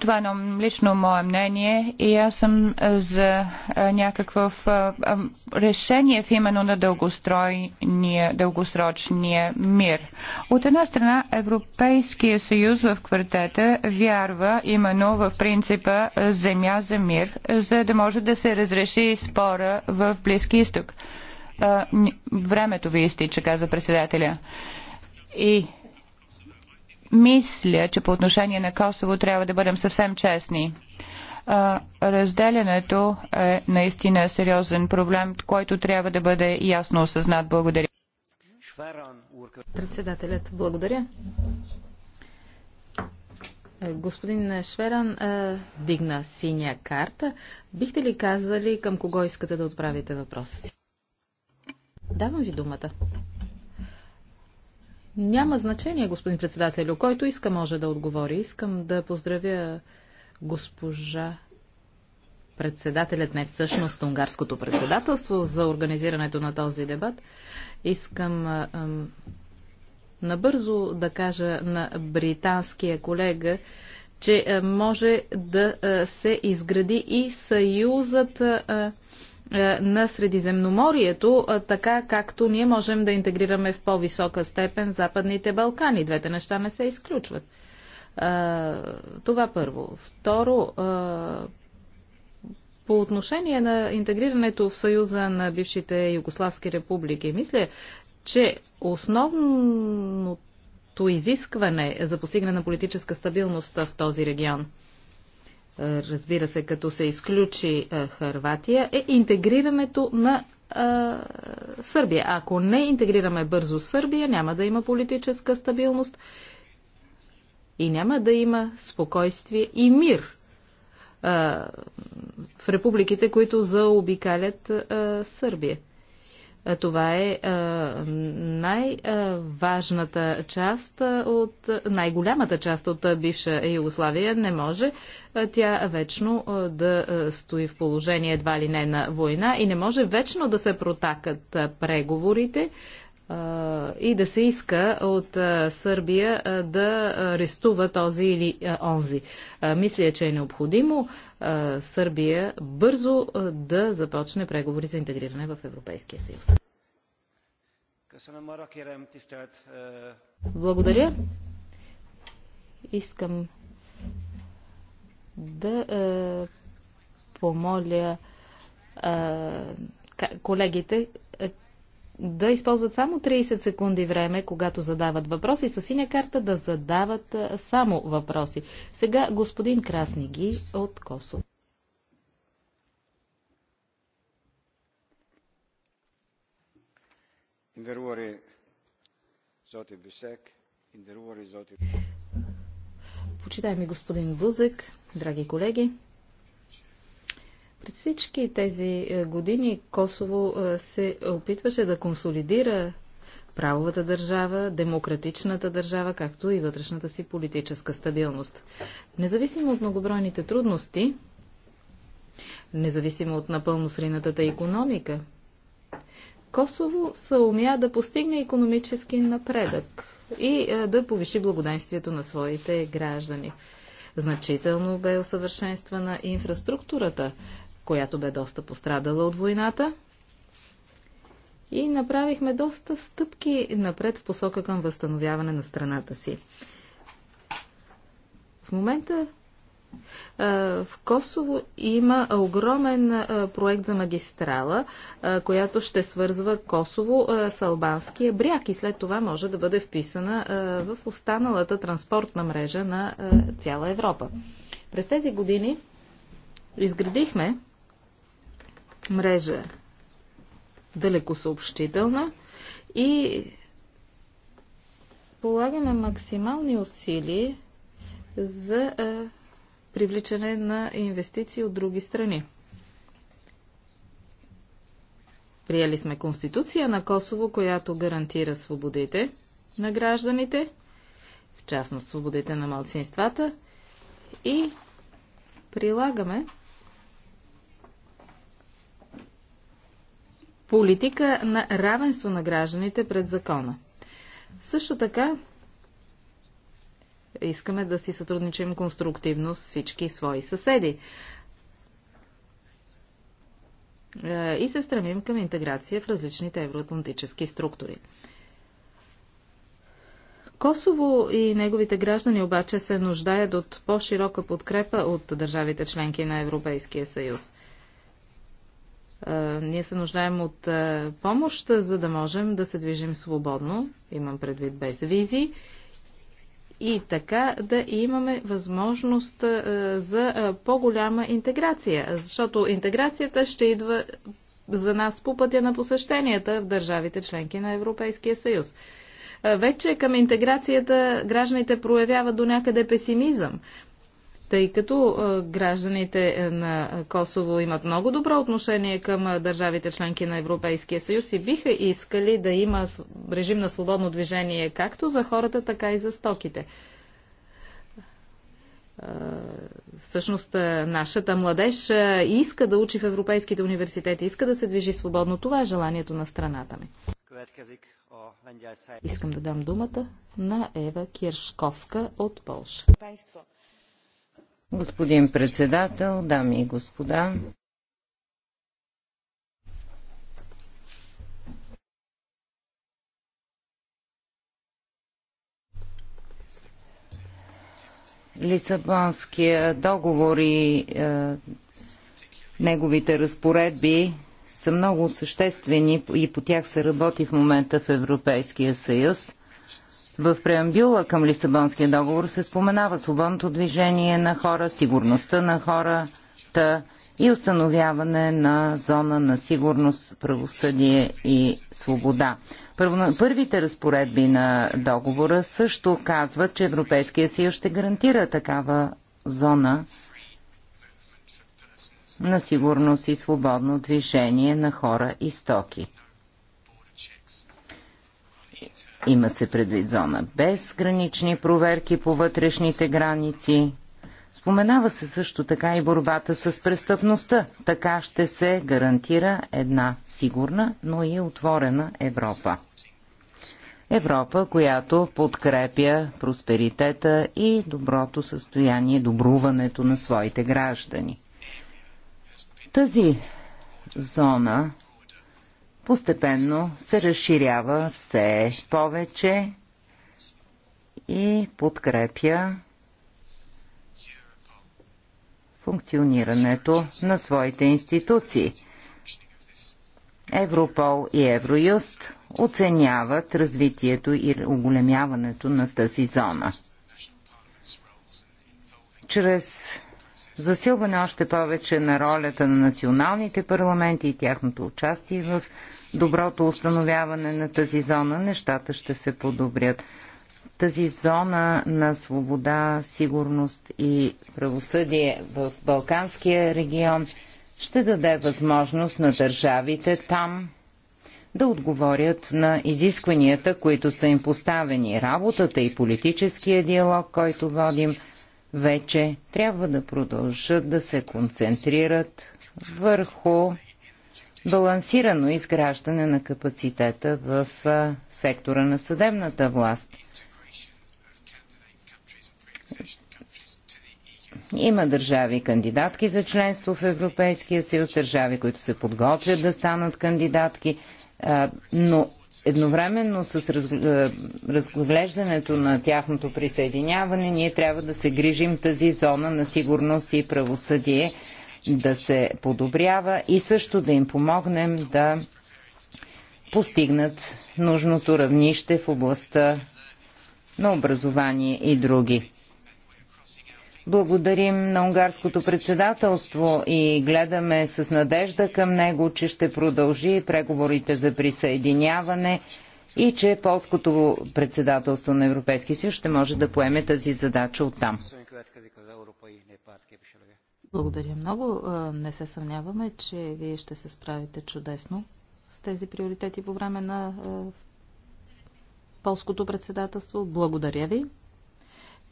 Това е едно лично мое мнение и аз съм за някакво решение в именно на дългостройния дългосрочния мир. От една страна Европейския съюз в квартета вярва именно в принципа земя за мир, за да може да се разреши спора в Близки изток. Времето ви изтича, каза председателя. И мисля, че по отношение на Косово трябва да бъдем съвсем честни. Разделянето е наистина сериозен проблем, който трябва да бъде ясно осъзнат. Благодаря. Председателят, благодаря. Е, господин Шверан е, дигна синя карта. Бихте ли казали към кого искате да отправите въпроса си? Давам ви думата. Няма значение, господин председателю. Който иска, може да отговори. Искам да поздравя госпожа председателят, не всъщност унгарското председателство, за организирането на този дебат. Искам ам, набързо да кажа на британския колега, че може да се изгради и съюзът е, на Средиземноморието, е, така както ние можем да интегрираме в по-висока степен Западните Балкани. Двете неща не се изключват. Е, това първо. Второ, по отношение на интегрирането в Съюза на бившите югославски републики, мисля, че основното изискване за постигане на политическа стабилност в този регион – е, разбира се, като се изключи е, Харватия, е интегрирането на е, Сърбия. Ако не интегрираме бързо Сърбия, няма да има политическа стабилност и няма да има спокойствие и мир в републиките, които заобикалят Сърбия. Е, това е, е най-важната част е, от най-голямата част от бивша Югославия. Не може тя вечно да стои в положение едва ли не на война и не може вечно да се протакат преговорите и да се иска от Сърбия да арестува този или онзи. Мисля, че е необходимо Сърбия бързо да започне преговори за интегриране в Европейския съюз. Благодаря. Искам да е, помоля е, колегите, да използват само 30 секунди време, когато задават въпроси, с синя карта да задават само въпроси. Сега господин Красниги от Косово. Почитаеми господин Бузек, драги колеги, през всички тези е, години Косово е, се опитваше да консолидира правовата държава, демократичната държава, както и вътрешната си политическа стабилност. Независимо от многобройните трудности, независимо от напълно сринатата економика, Косово се умя да постигне економически напредък и е, да повиши благоденствието на своите граждани. Значително бе усъвършенствана инфраструктурата която бе доста пострадала от войната. И направихме доста стъпки напред в посока към възстановяване на страната си. В момента в Косово има огромен проект за магистрала, която ще свързва Косово с албанския бряг и след това може да бъде вписана в останалата транспортна мрежа на цяла Европа. През тези години изградихме мрежа далекосъобщителна и полагаме максимални усилия за привличане на инвестиции от други страни. Приели сме Конституция на Косово, която гарантира свободите на гражданите, в частност свободите на малцинствата и прилагаме политика на равенство на гражданите пред закона. Също така, искаме да си сътрудничим конструктивно с всички свои съседи. Е, и се стремим към интеграция в различните евроатлантически структури. Косово и неговите граждани обаче се нуждаят от по-широка подкрепа от държавите членки на Европейския съюз ние се нуждаем от помощ, за да можем да се движим свободно, имам предвид без визи, и така да имаме възможност за по-голяма интеграция, защото интеграцията ще идва за нас по пътя на посещенията в държавите членки на Европейския съюз. Вече към интеграцията гражданите проявяват до някъде песимизъм тъй като гражданите е, на Косово имат много добро отношение към държавите членки на Европейския съюз и биха искали да има режим на свободно движение както за хората, така и за стоките. Всъщност, нашата младеж иска да учи в европейските университети, иска да се движи свободно. Това е желанието на страната ми. Искам да дам думата на Ева Киршковска от Полша. Господин председател, дами и господа, Лисабонския договор и е, неговите разпоредби са много съществени и по тях се работи в момента в Европейския съюз. В преамбюла към Лисабонския договор се споменава свободното движение на хора, сигурността на хората и установяване на зона на сигурност, правосъдие и свобода. Първите разпоредби на договора също казват, че Европейския съюз ще гарантира такава зона на сигурност и свободно движение на хора и стоки. Има се предвид зона без гранични проверки по вътрешните граници. Споменава се също така и борбата с престъпността. Така ще се гарантира една сигурна, но и отворена Европа. Европа, която подкрепя просперитета и доброто състояние, добруването на своите граждани. Тази зона постепенно се разширява все повече и подкрепя функционирането на своите институции. Европол и Евроюст оценяват развитието и оголемяването на тази зона. Чрез засилване още повече на ролята на националните парламенти и тяхното участие в доброто установяване на тази зона, нещата ще се подобрят. Тази зона на свобода, сигурност и правосъдие в Балканския регион ще даде възможност на държавите там да отговорят на изискванията, които са им поставени, работата и политическия диалог, който водим – вече трябва да продължат да се концентрират върху балансирано изграждане на капацитета в сектора на съдебната власт. Има държави кандидатки за членство в Европейския съюз, държави, които се подготвят да станат кандидатки, но едновременно с раз, е, разглеждането на тяхното присъединяване, ние трябва да се грижим тази зона на сигурност и правосъдие да се подобрява и също да им помогнем да постигнат нужното равнище в областта на образование и други. Благодарим на унгарското председателство и гледаме с надежда към него, че ще продължи преговорите за присъединяване и че полското председателство на Европейския съюз ще може да поеме тази задача оттам. Благодаря много. Не се съмняваме, че вие ще се справите чудесно с тези приоритети по време на полското председателство. Благодаря ви.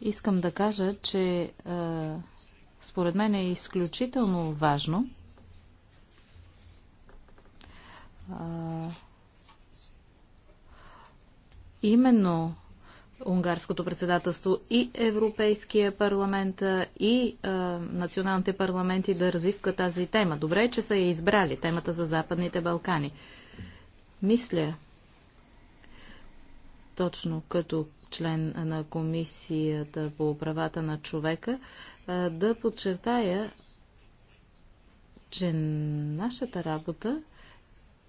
Искам да кажа, че а, според мен е изключително важно а, именно унгарското председателство и Европейския парламент и а, националните парламенти да разискват тази тема. Добре е, че са я избрали, темата за Западните Балкани. Мисля, точно като член на Комисията по правата на човека, да подчертая, че нашата работа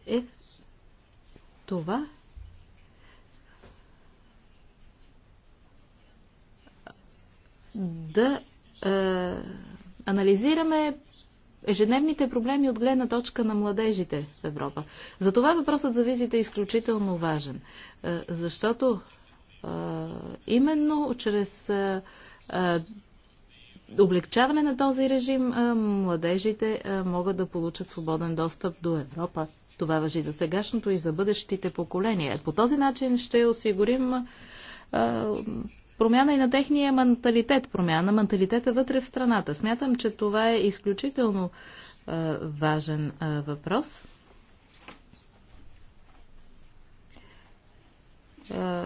е това, да е, анализираме ежедневните проблеми от гледна точка на младежите в Европа. Затова въпросът за визите е изключително важен, е, защото именно чрез облегчаване на този режим младежите могат да получат свободен достъп до Европа. Това въжи за сегашното и за бъдещите поколения. По този начин ще осигурим промяна и на техния менталитет, промяна на менталитета вътре в страната. Смятам, че това е изключително важен въпрос. Е,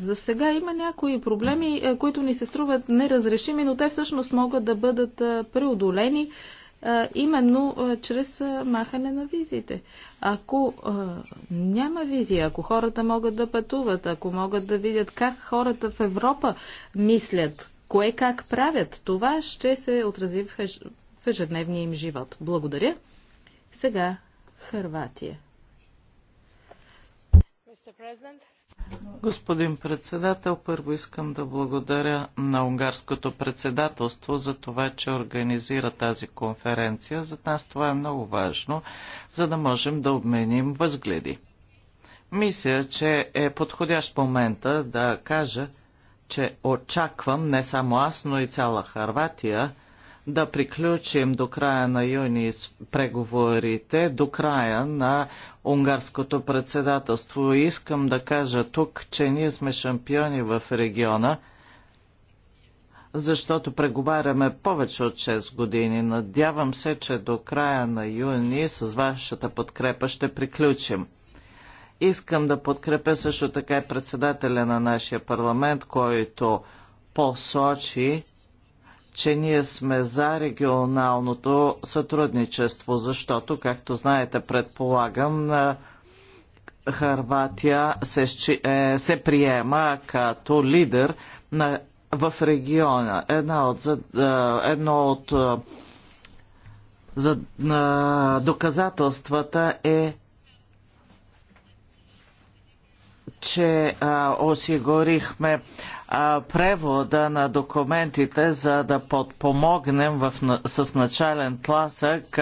за сега има някои проблеми, е, които ни се струват неразрешими, но те всъщност могат да бъдат е, преодолени именно чрез махане на визите. Ако няма визия, ако хората могат да пътуват, ако могат да видят как хората в Европа мислят, кое как правят, това ще се отрази в ежедневния им живот. Благодаря. Сега Хърватия. Mr. President, Господин председател, първо искам да благодаря на унгарското председателство за това, че организира тази конференция. За нас това е много важно, за да можем да обменим възгледи. Мисля, че е подходящ момента да кажа, че очаквам не само аз, но и цяла Харватия – да приключим до края на юни с преговорите, до края на унгарското председателство. искам да кажа тук, че ние сме шампиони в региона, защото преговаряме повече от 6 години. Надявам се, че до края на юни с вашата подкрепа ще приключим. Искам да подкрепя също така и председателя на нашия парламент, който посочи, че ние сме за регионалното сътрудничество, защото, както знаете, предполагам, е, Харватия се, е, се приема като лидер на, в региона. Една от, е, едно от за, на, доказателствата е че а, осигурихме превода на документите, за да подпомогнем в, с начален тласък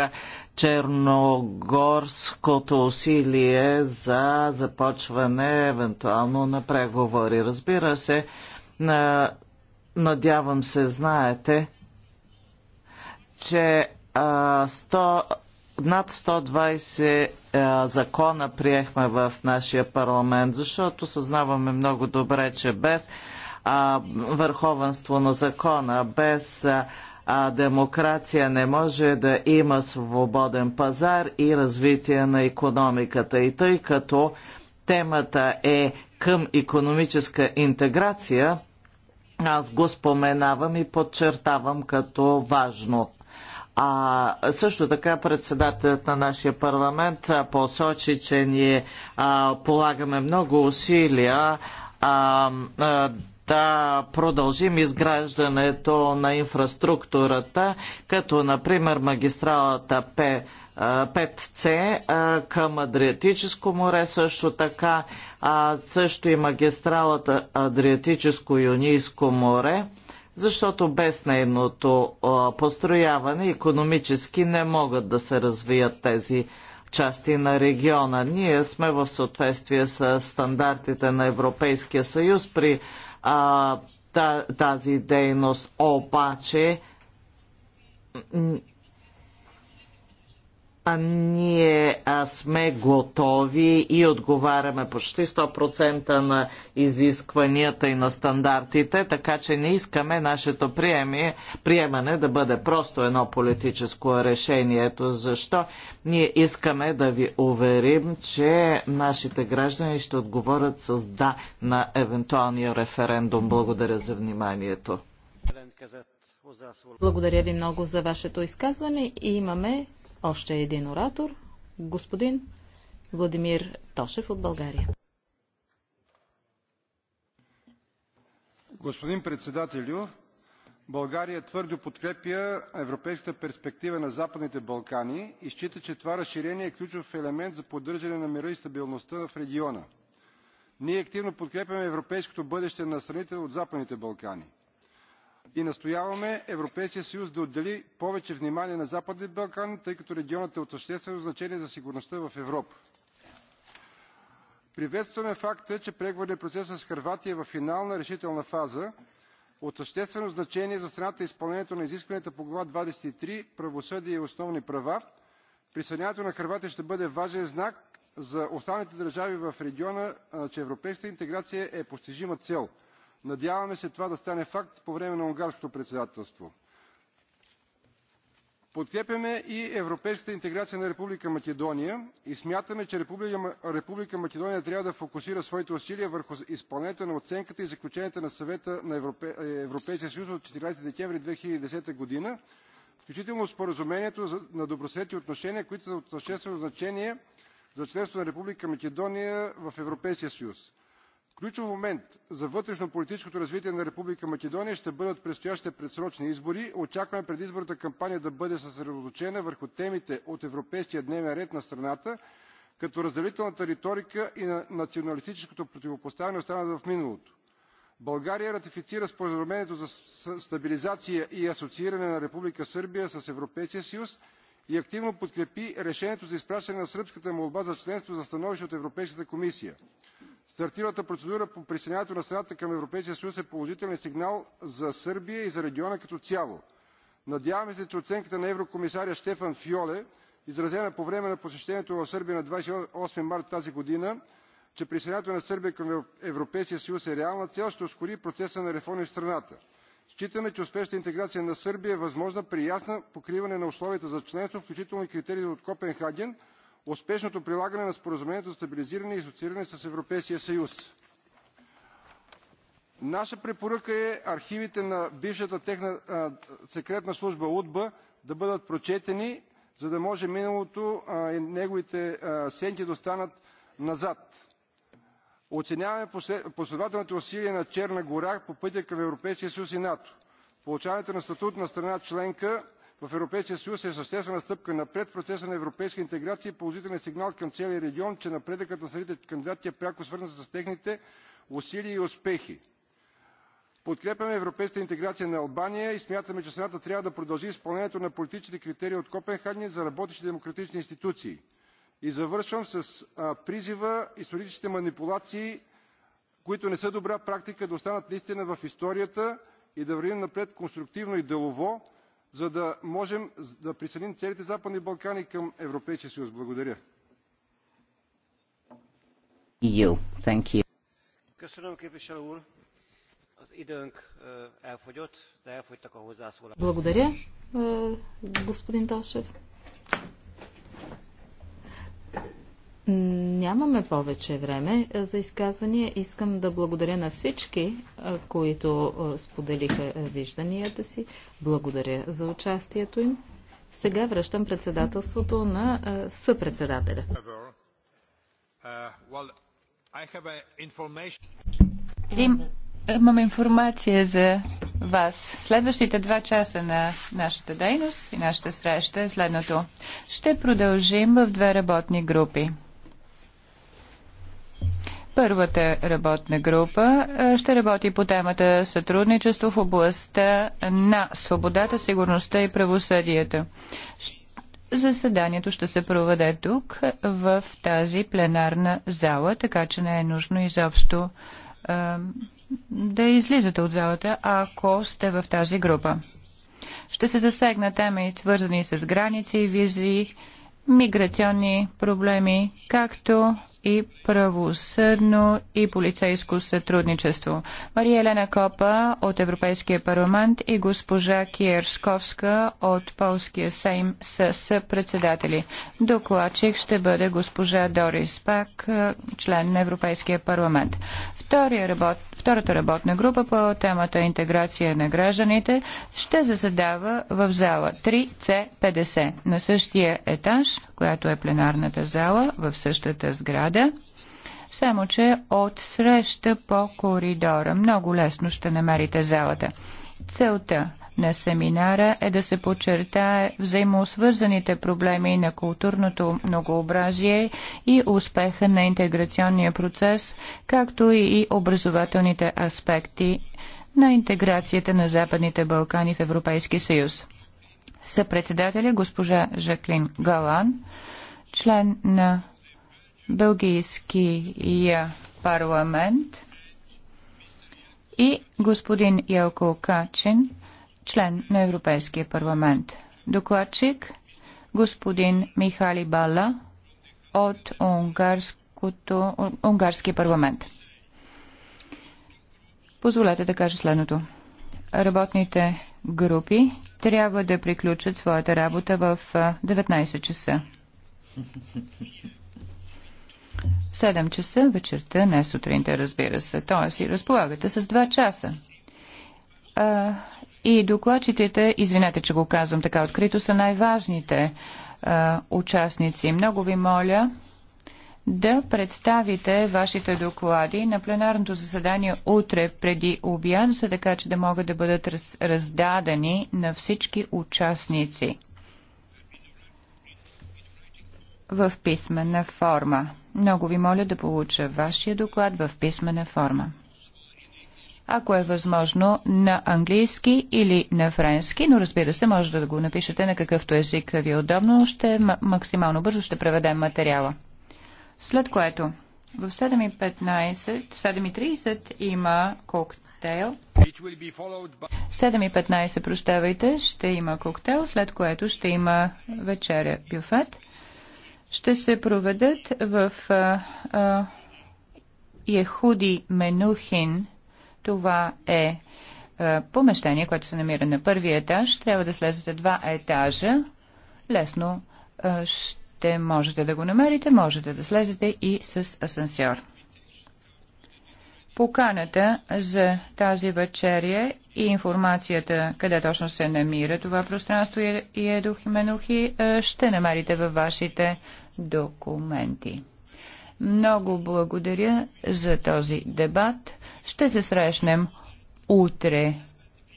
черногорското усилие за започване евентуално на преговори. Разбира се, на, надявам се, знаете, че а, 100 над 120 а, закона приехме в нашия парламент, защото съзнаваме много добре, че без а, върховенство на закона, без а, демокрация не може да има свободен пазар и развитие на економиката. И тъй като темата е към економическа интеграция, аз го споменавам и подчертавам като важно. А също така председателят на нашия парламент посочи, че ние а, полагаме много усилия а, а, да продължим изграждането на инфраструктурата, като например магистралата П. 5C към Адриатическо море, също така, а също и магистралата Адриатическо-Юнийско море, защото без нейното построяване економически не могат да се развият тези части на региона. Ние сме в съответствие с стандартите на Европейския съюз при а, тази дейност. Обаче ние сме готови и отговаряме почти 100% на изискванията и на стандартите, така че не искаме нашето приеме, приемане да бъде просто едно политическо решение. Ето защо ние искаме да ви уверим, че нашите граждани ще отговорят с да на евентуалния референдум. Благодаря за вниманието. Благодаря ви много за вашето изказване и имаме още един оратор, господин Владимир Тошев от България. Господин председателю, България твърдо подкрепя европейската перспектива на Западните Балкани и счита, че това разширение е ключов елемент за поддържане на мира и стабилността в региона. Ние активно подкрепяме европейското бъдеще на страните от Западните Балкани и настояваме Европейският съюз да отдели повече внимание на Западните Балкани, тъй като регионът е от съществено значение за сигурността в Европа. Приветстваме факта, че преговорният процес с Харватия е в финална решителна фаза. От съществено значение за страната изпълнението на изискванията по глава 23 правосъдие и основни права. Присъединяването на Хърватия ще бъде важен знак за останалите държави в региона, че европейската интеграция е постижима цел – Надяваме се това да стане факт по време на унгарското председателство. Подкрепяме и европейската интеграция на Република Македония и смятаме, че Република Македония трябва да фокусира своите усилия върху изпълнението на оценката и заключенията на съвета на Европе... Европейския съюз от 14 декември 2010 година, включително споразумението на добросъседни отношения, които са от съществено значение за членството на Република Македония в Европейския съюз ключов момент за вътрешнополитическото развитие на република македония ще бъдат предстоящите предсрочни избори. очакваме предизборната кампания да бъде съсредоточена върху темите от европейския дневен ред на страната като разделителната риторика и на националистическото противопоставяне останат в миналото. България ратифицира споразумението за стабилизация и асоцииране на Република Сърбия с Европейския съюз и активно подкрепи решението за изпращане на сръбската молба за членство за становище от Европейската комисия. Стартиралата процедура по присъединяването на страната към Европейския съюз е положителен сигнал за Сърбия и за региона като цяло. Надяваме се, че оценката на еврокомисаря Штефан Фиоле, изразена по време на посещението в Сърбия на 28 март тази година, че присъединяването на Сърбия към Европейския съюз е реална цел, ще ускори процеса на реформи в страната. Считаме, че успешната интеграция на Сърбия е възможна при ясна покриване на условията за членство, включително и критериите от Копенхаген, успешното прилагане на споразумението за стабилизиране и асоцииране с Европейския съюз. Наша препоръка е архивите на бившата техна секретна служба УДБА да бъдат прочетени, за да може миналото и неговите сенки да останат назад. Оценяваме последователните усилия на Черна гора по пътя към Европейския съюз и НАТО. Получаването на статут на страна членка в Европейския съюз е съществена стъпка напред в процеса на европейска интеграция и положителен сигнал към целия регион, че напредъкът на страните кандидати е пряко свързан с техните усилия и успехи. Подкрепяме европейската интеграция на Албания и смятаме, че страната трябва да продължи изпълнението на политическите критерии от Копенхаген за работещи демократични институции. И завършвам с призива историческите манипулации, които не са добра практика, да останат наистина в историята и да вървим напред конструктивно и делово, за да можем да присъединим целите Западни Балкани към Европейския съюз. Благодаря. Благодаря, е, господин Ташев. Нямаме повече време за изказвания. Искам да благодаря на всички, които споделиха вижданията си. Благодаря за участието им. Сега връщам председателството на съпредседателя. Им, имам информация за вас. Следващите два часа на нашата дейност и нашата среща е следното. Ще продължим в две работни групи. Първата работна група ще работи по темата сътрудничество в областта на свободата, сигурността и правосъдието. Заседанието ще се проведе тук, в тази пленарна зала, така че не е нужно изобщо е, да излизате от залата, ако сте в тази група. Ще се засегна теми, свързани с граници и визии, миграционни проблеми, както и правосъдно и полицейско сътрудничество. Мария Елена Копа от Европейския парламент и госпожа Киерсковска от Полския Сейм са, съпредседатели. председатели. Докладчик ще бъде госпожа Дорис Пак, е, член на Европейския парламент. Втория работ, втората работна група по темата интеграция на гражданите ще заседава в зала 3C50 на същия етаж която е пленарната зала в същата сграда, само че от среща по коридора. Много лесно ще намерите залата. Целта на семинара е да се подчертае взаимосвързаните проблеми на културното многообразие и успеха на интеграционния процес, както и образователните аспекти на интеграцията на Западните Балкани в Европейски съюз. Съпредседателя госпожа Жаклин Галан, член на Белгийския парламент и господин Ялко Качин, член на Европейския парламент. Докладчик господин Михали Бала от Унгарския парламент. Позволете да кажа следното. Работните групи трябва да приключат своята работа в 19 часа. 7 часа вечерта, не сутринта, разбира се. Тоест, и разполагате с 2 часа. А, и докладчиците, извинете, че го казвам така открито, са най-важните участници. Много ви моля да представите вашите доклади на пленарното заседание утре преди обяд, за така че да могат да бъдат раз, раздадени на всички участници в писмена форма. Много ви моля да получа вашия доклад в писмена форма. Ако е възможно, на английски или на френски, но разбира се, може да го напишете на какъвто език ви е удобно. Ще максимално бързо ще преведем материала. След което в 7.15, 7.30 има коктейл. 7.15, прощавайте, ще има коктейл, след което ще има вечеря бюфет. Ще се проведат в а, а, Яхуди Менухин. Това е а, помещение, което се намира на първия етаж. Трябва да слезете два етажа. Лесно а, ще ще можете да го намерите, можете да слезете и с асансьор. Поканата за тази вечеря и информацията къде точно се намира това пространство е, е и едохименухи е, ще намерите във вашите документи. Много благодаря за този дебат. Ще се срещнем утре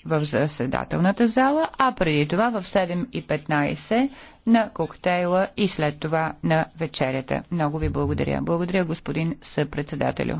в заседателната зала, а преди това в 7.15 на коктейла и след това на вечерята. Много ви благодаря. Благодаря, господин съпредседателю.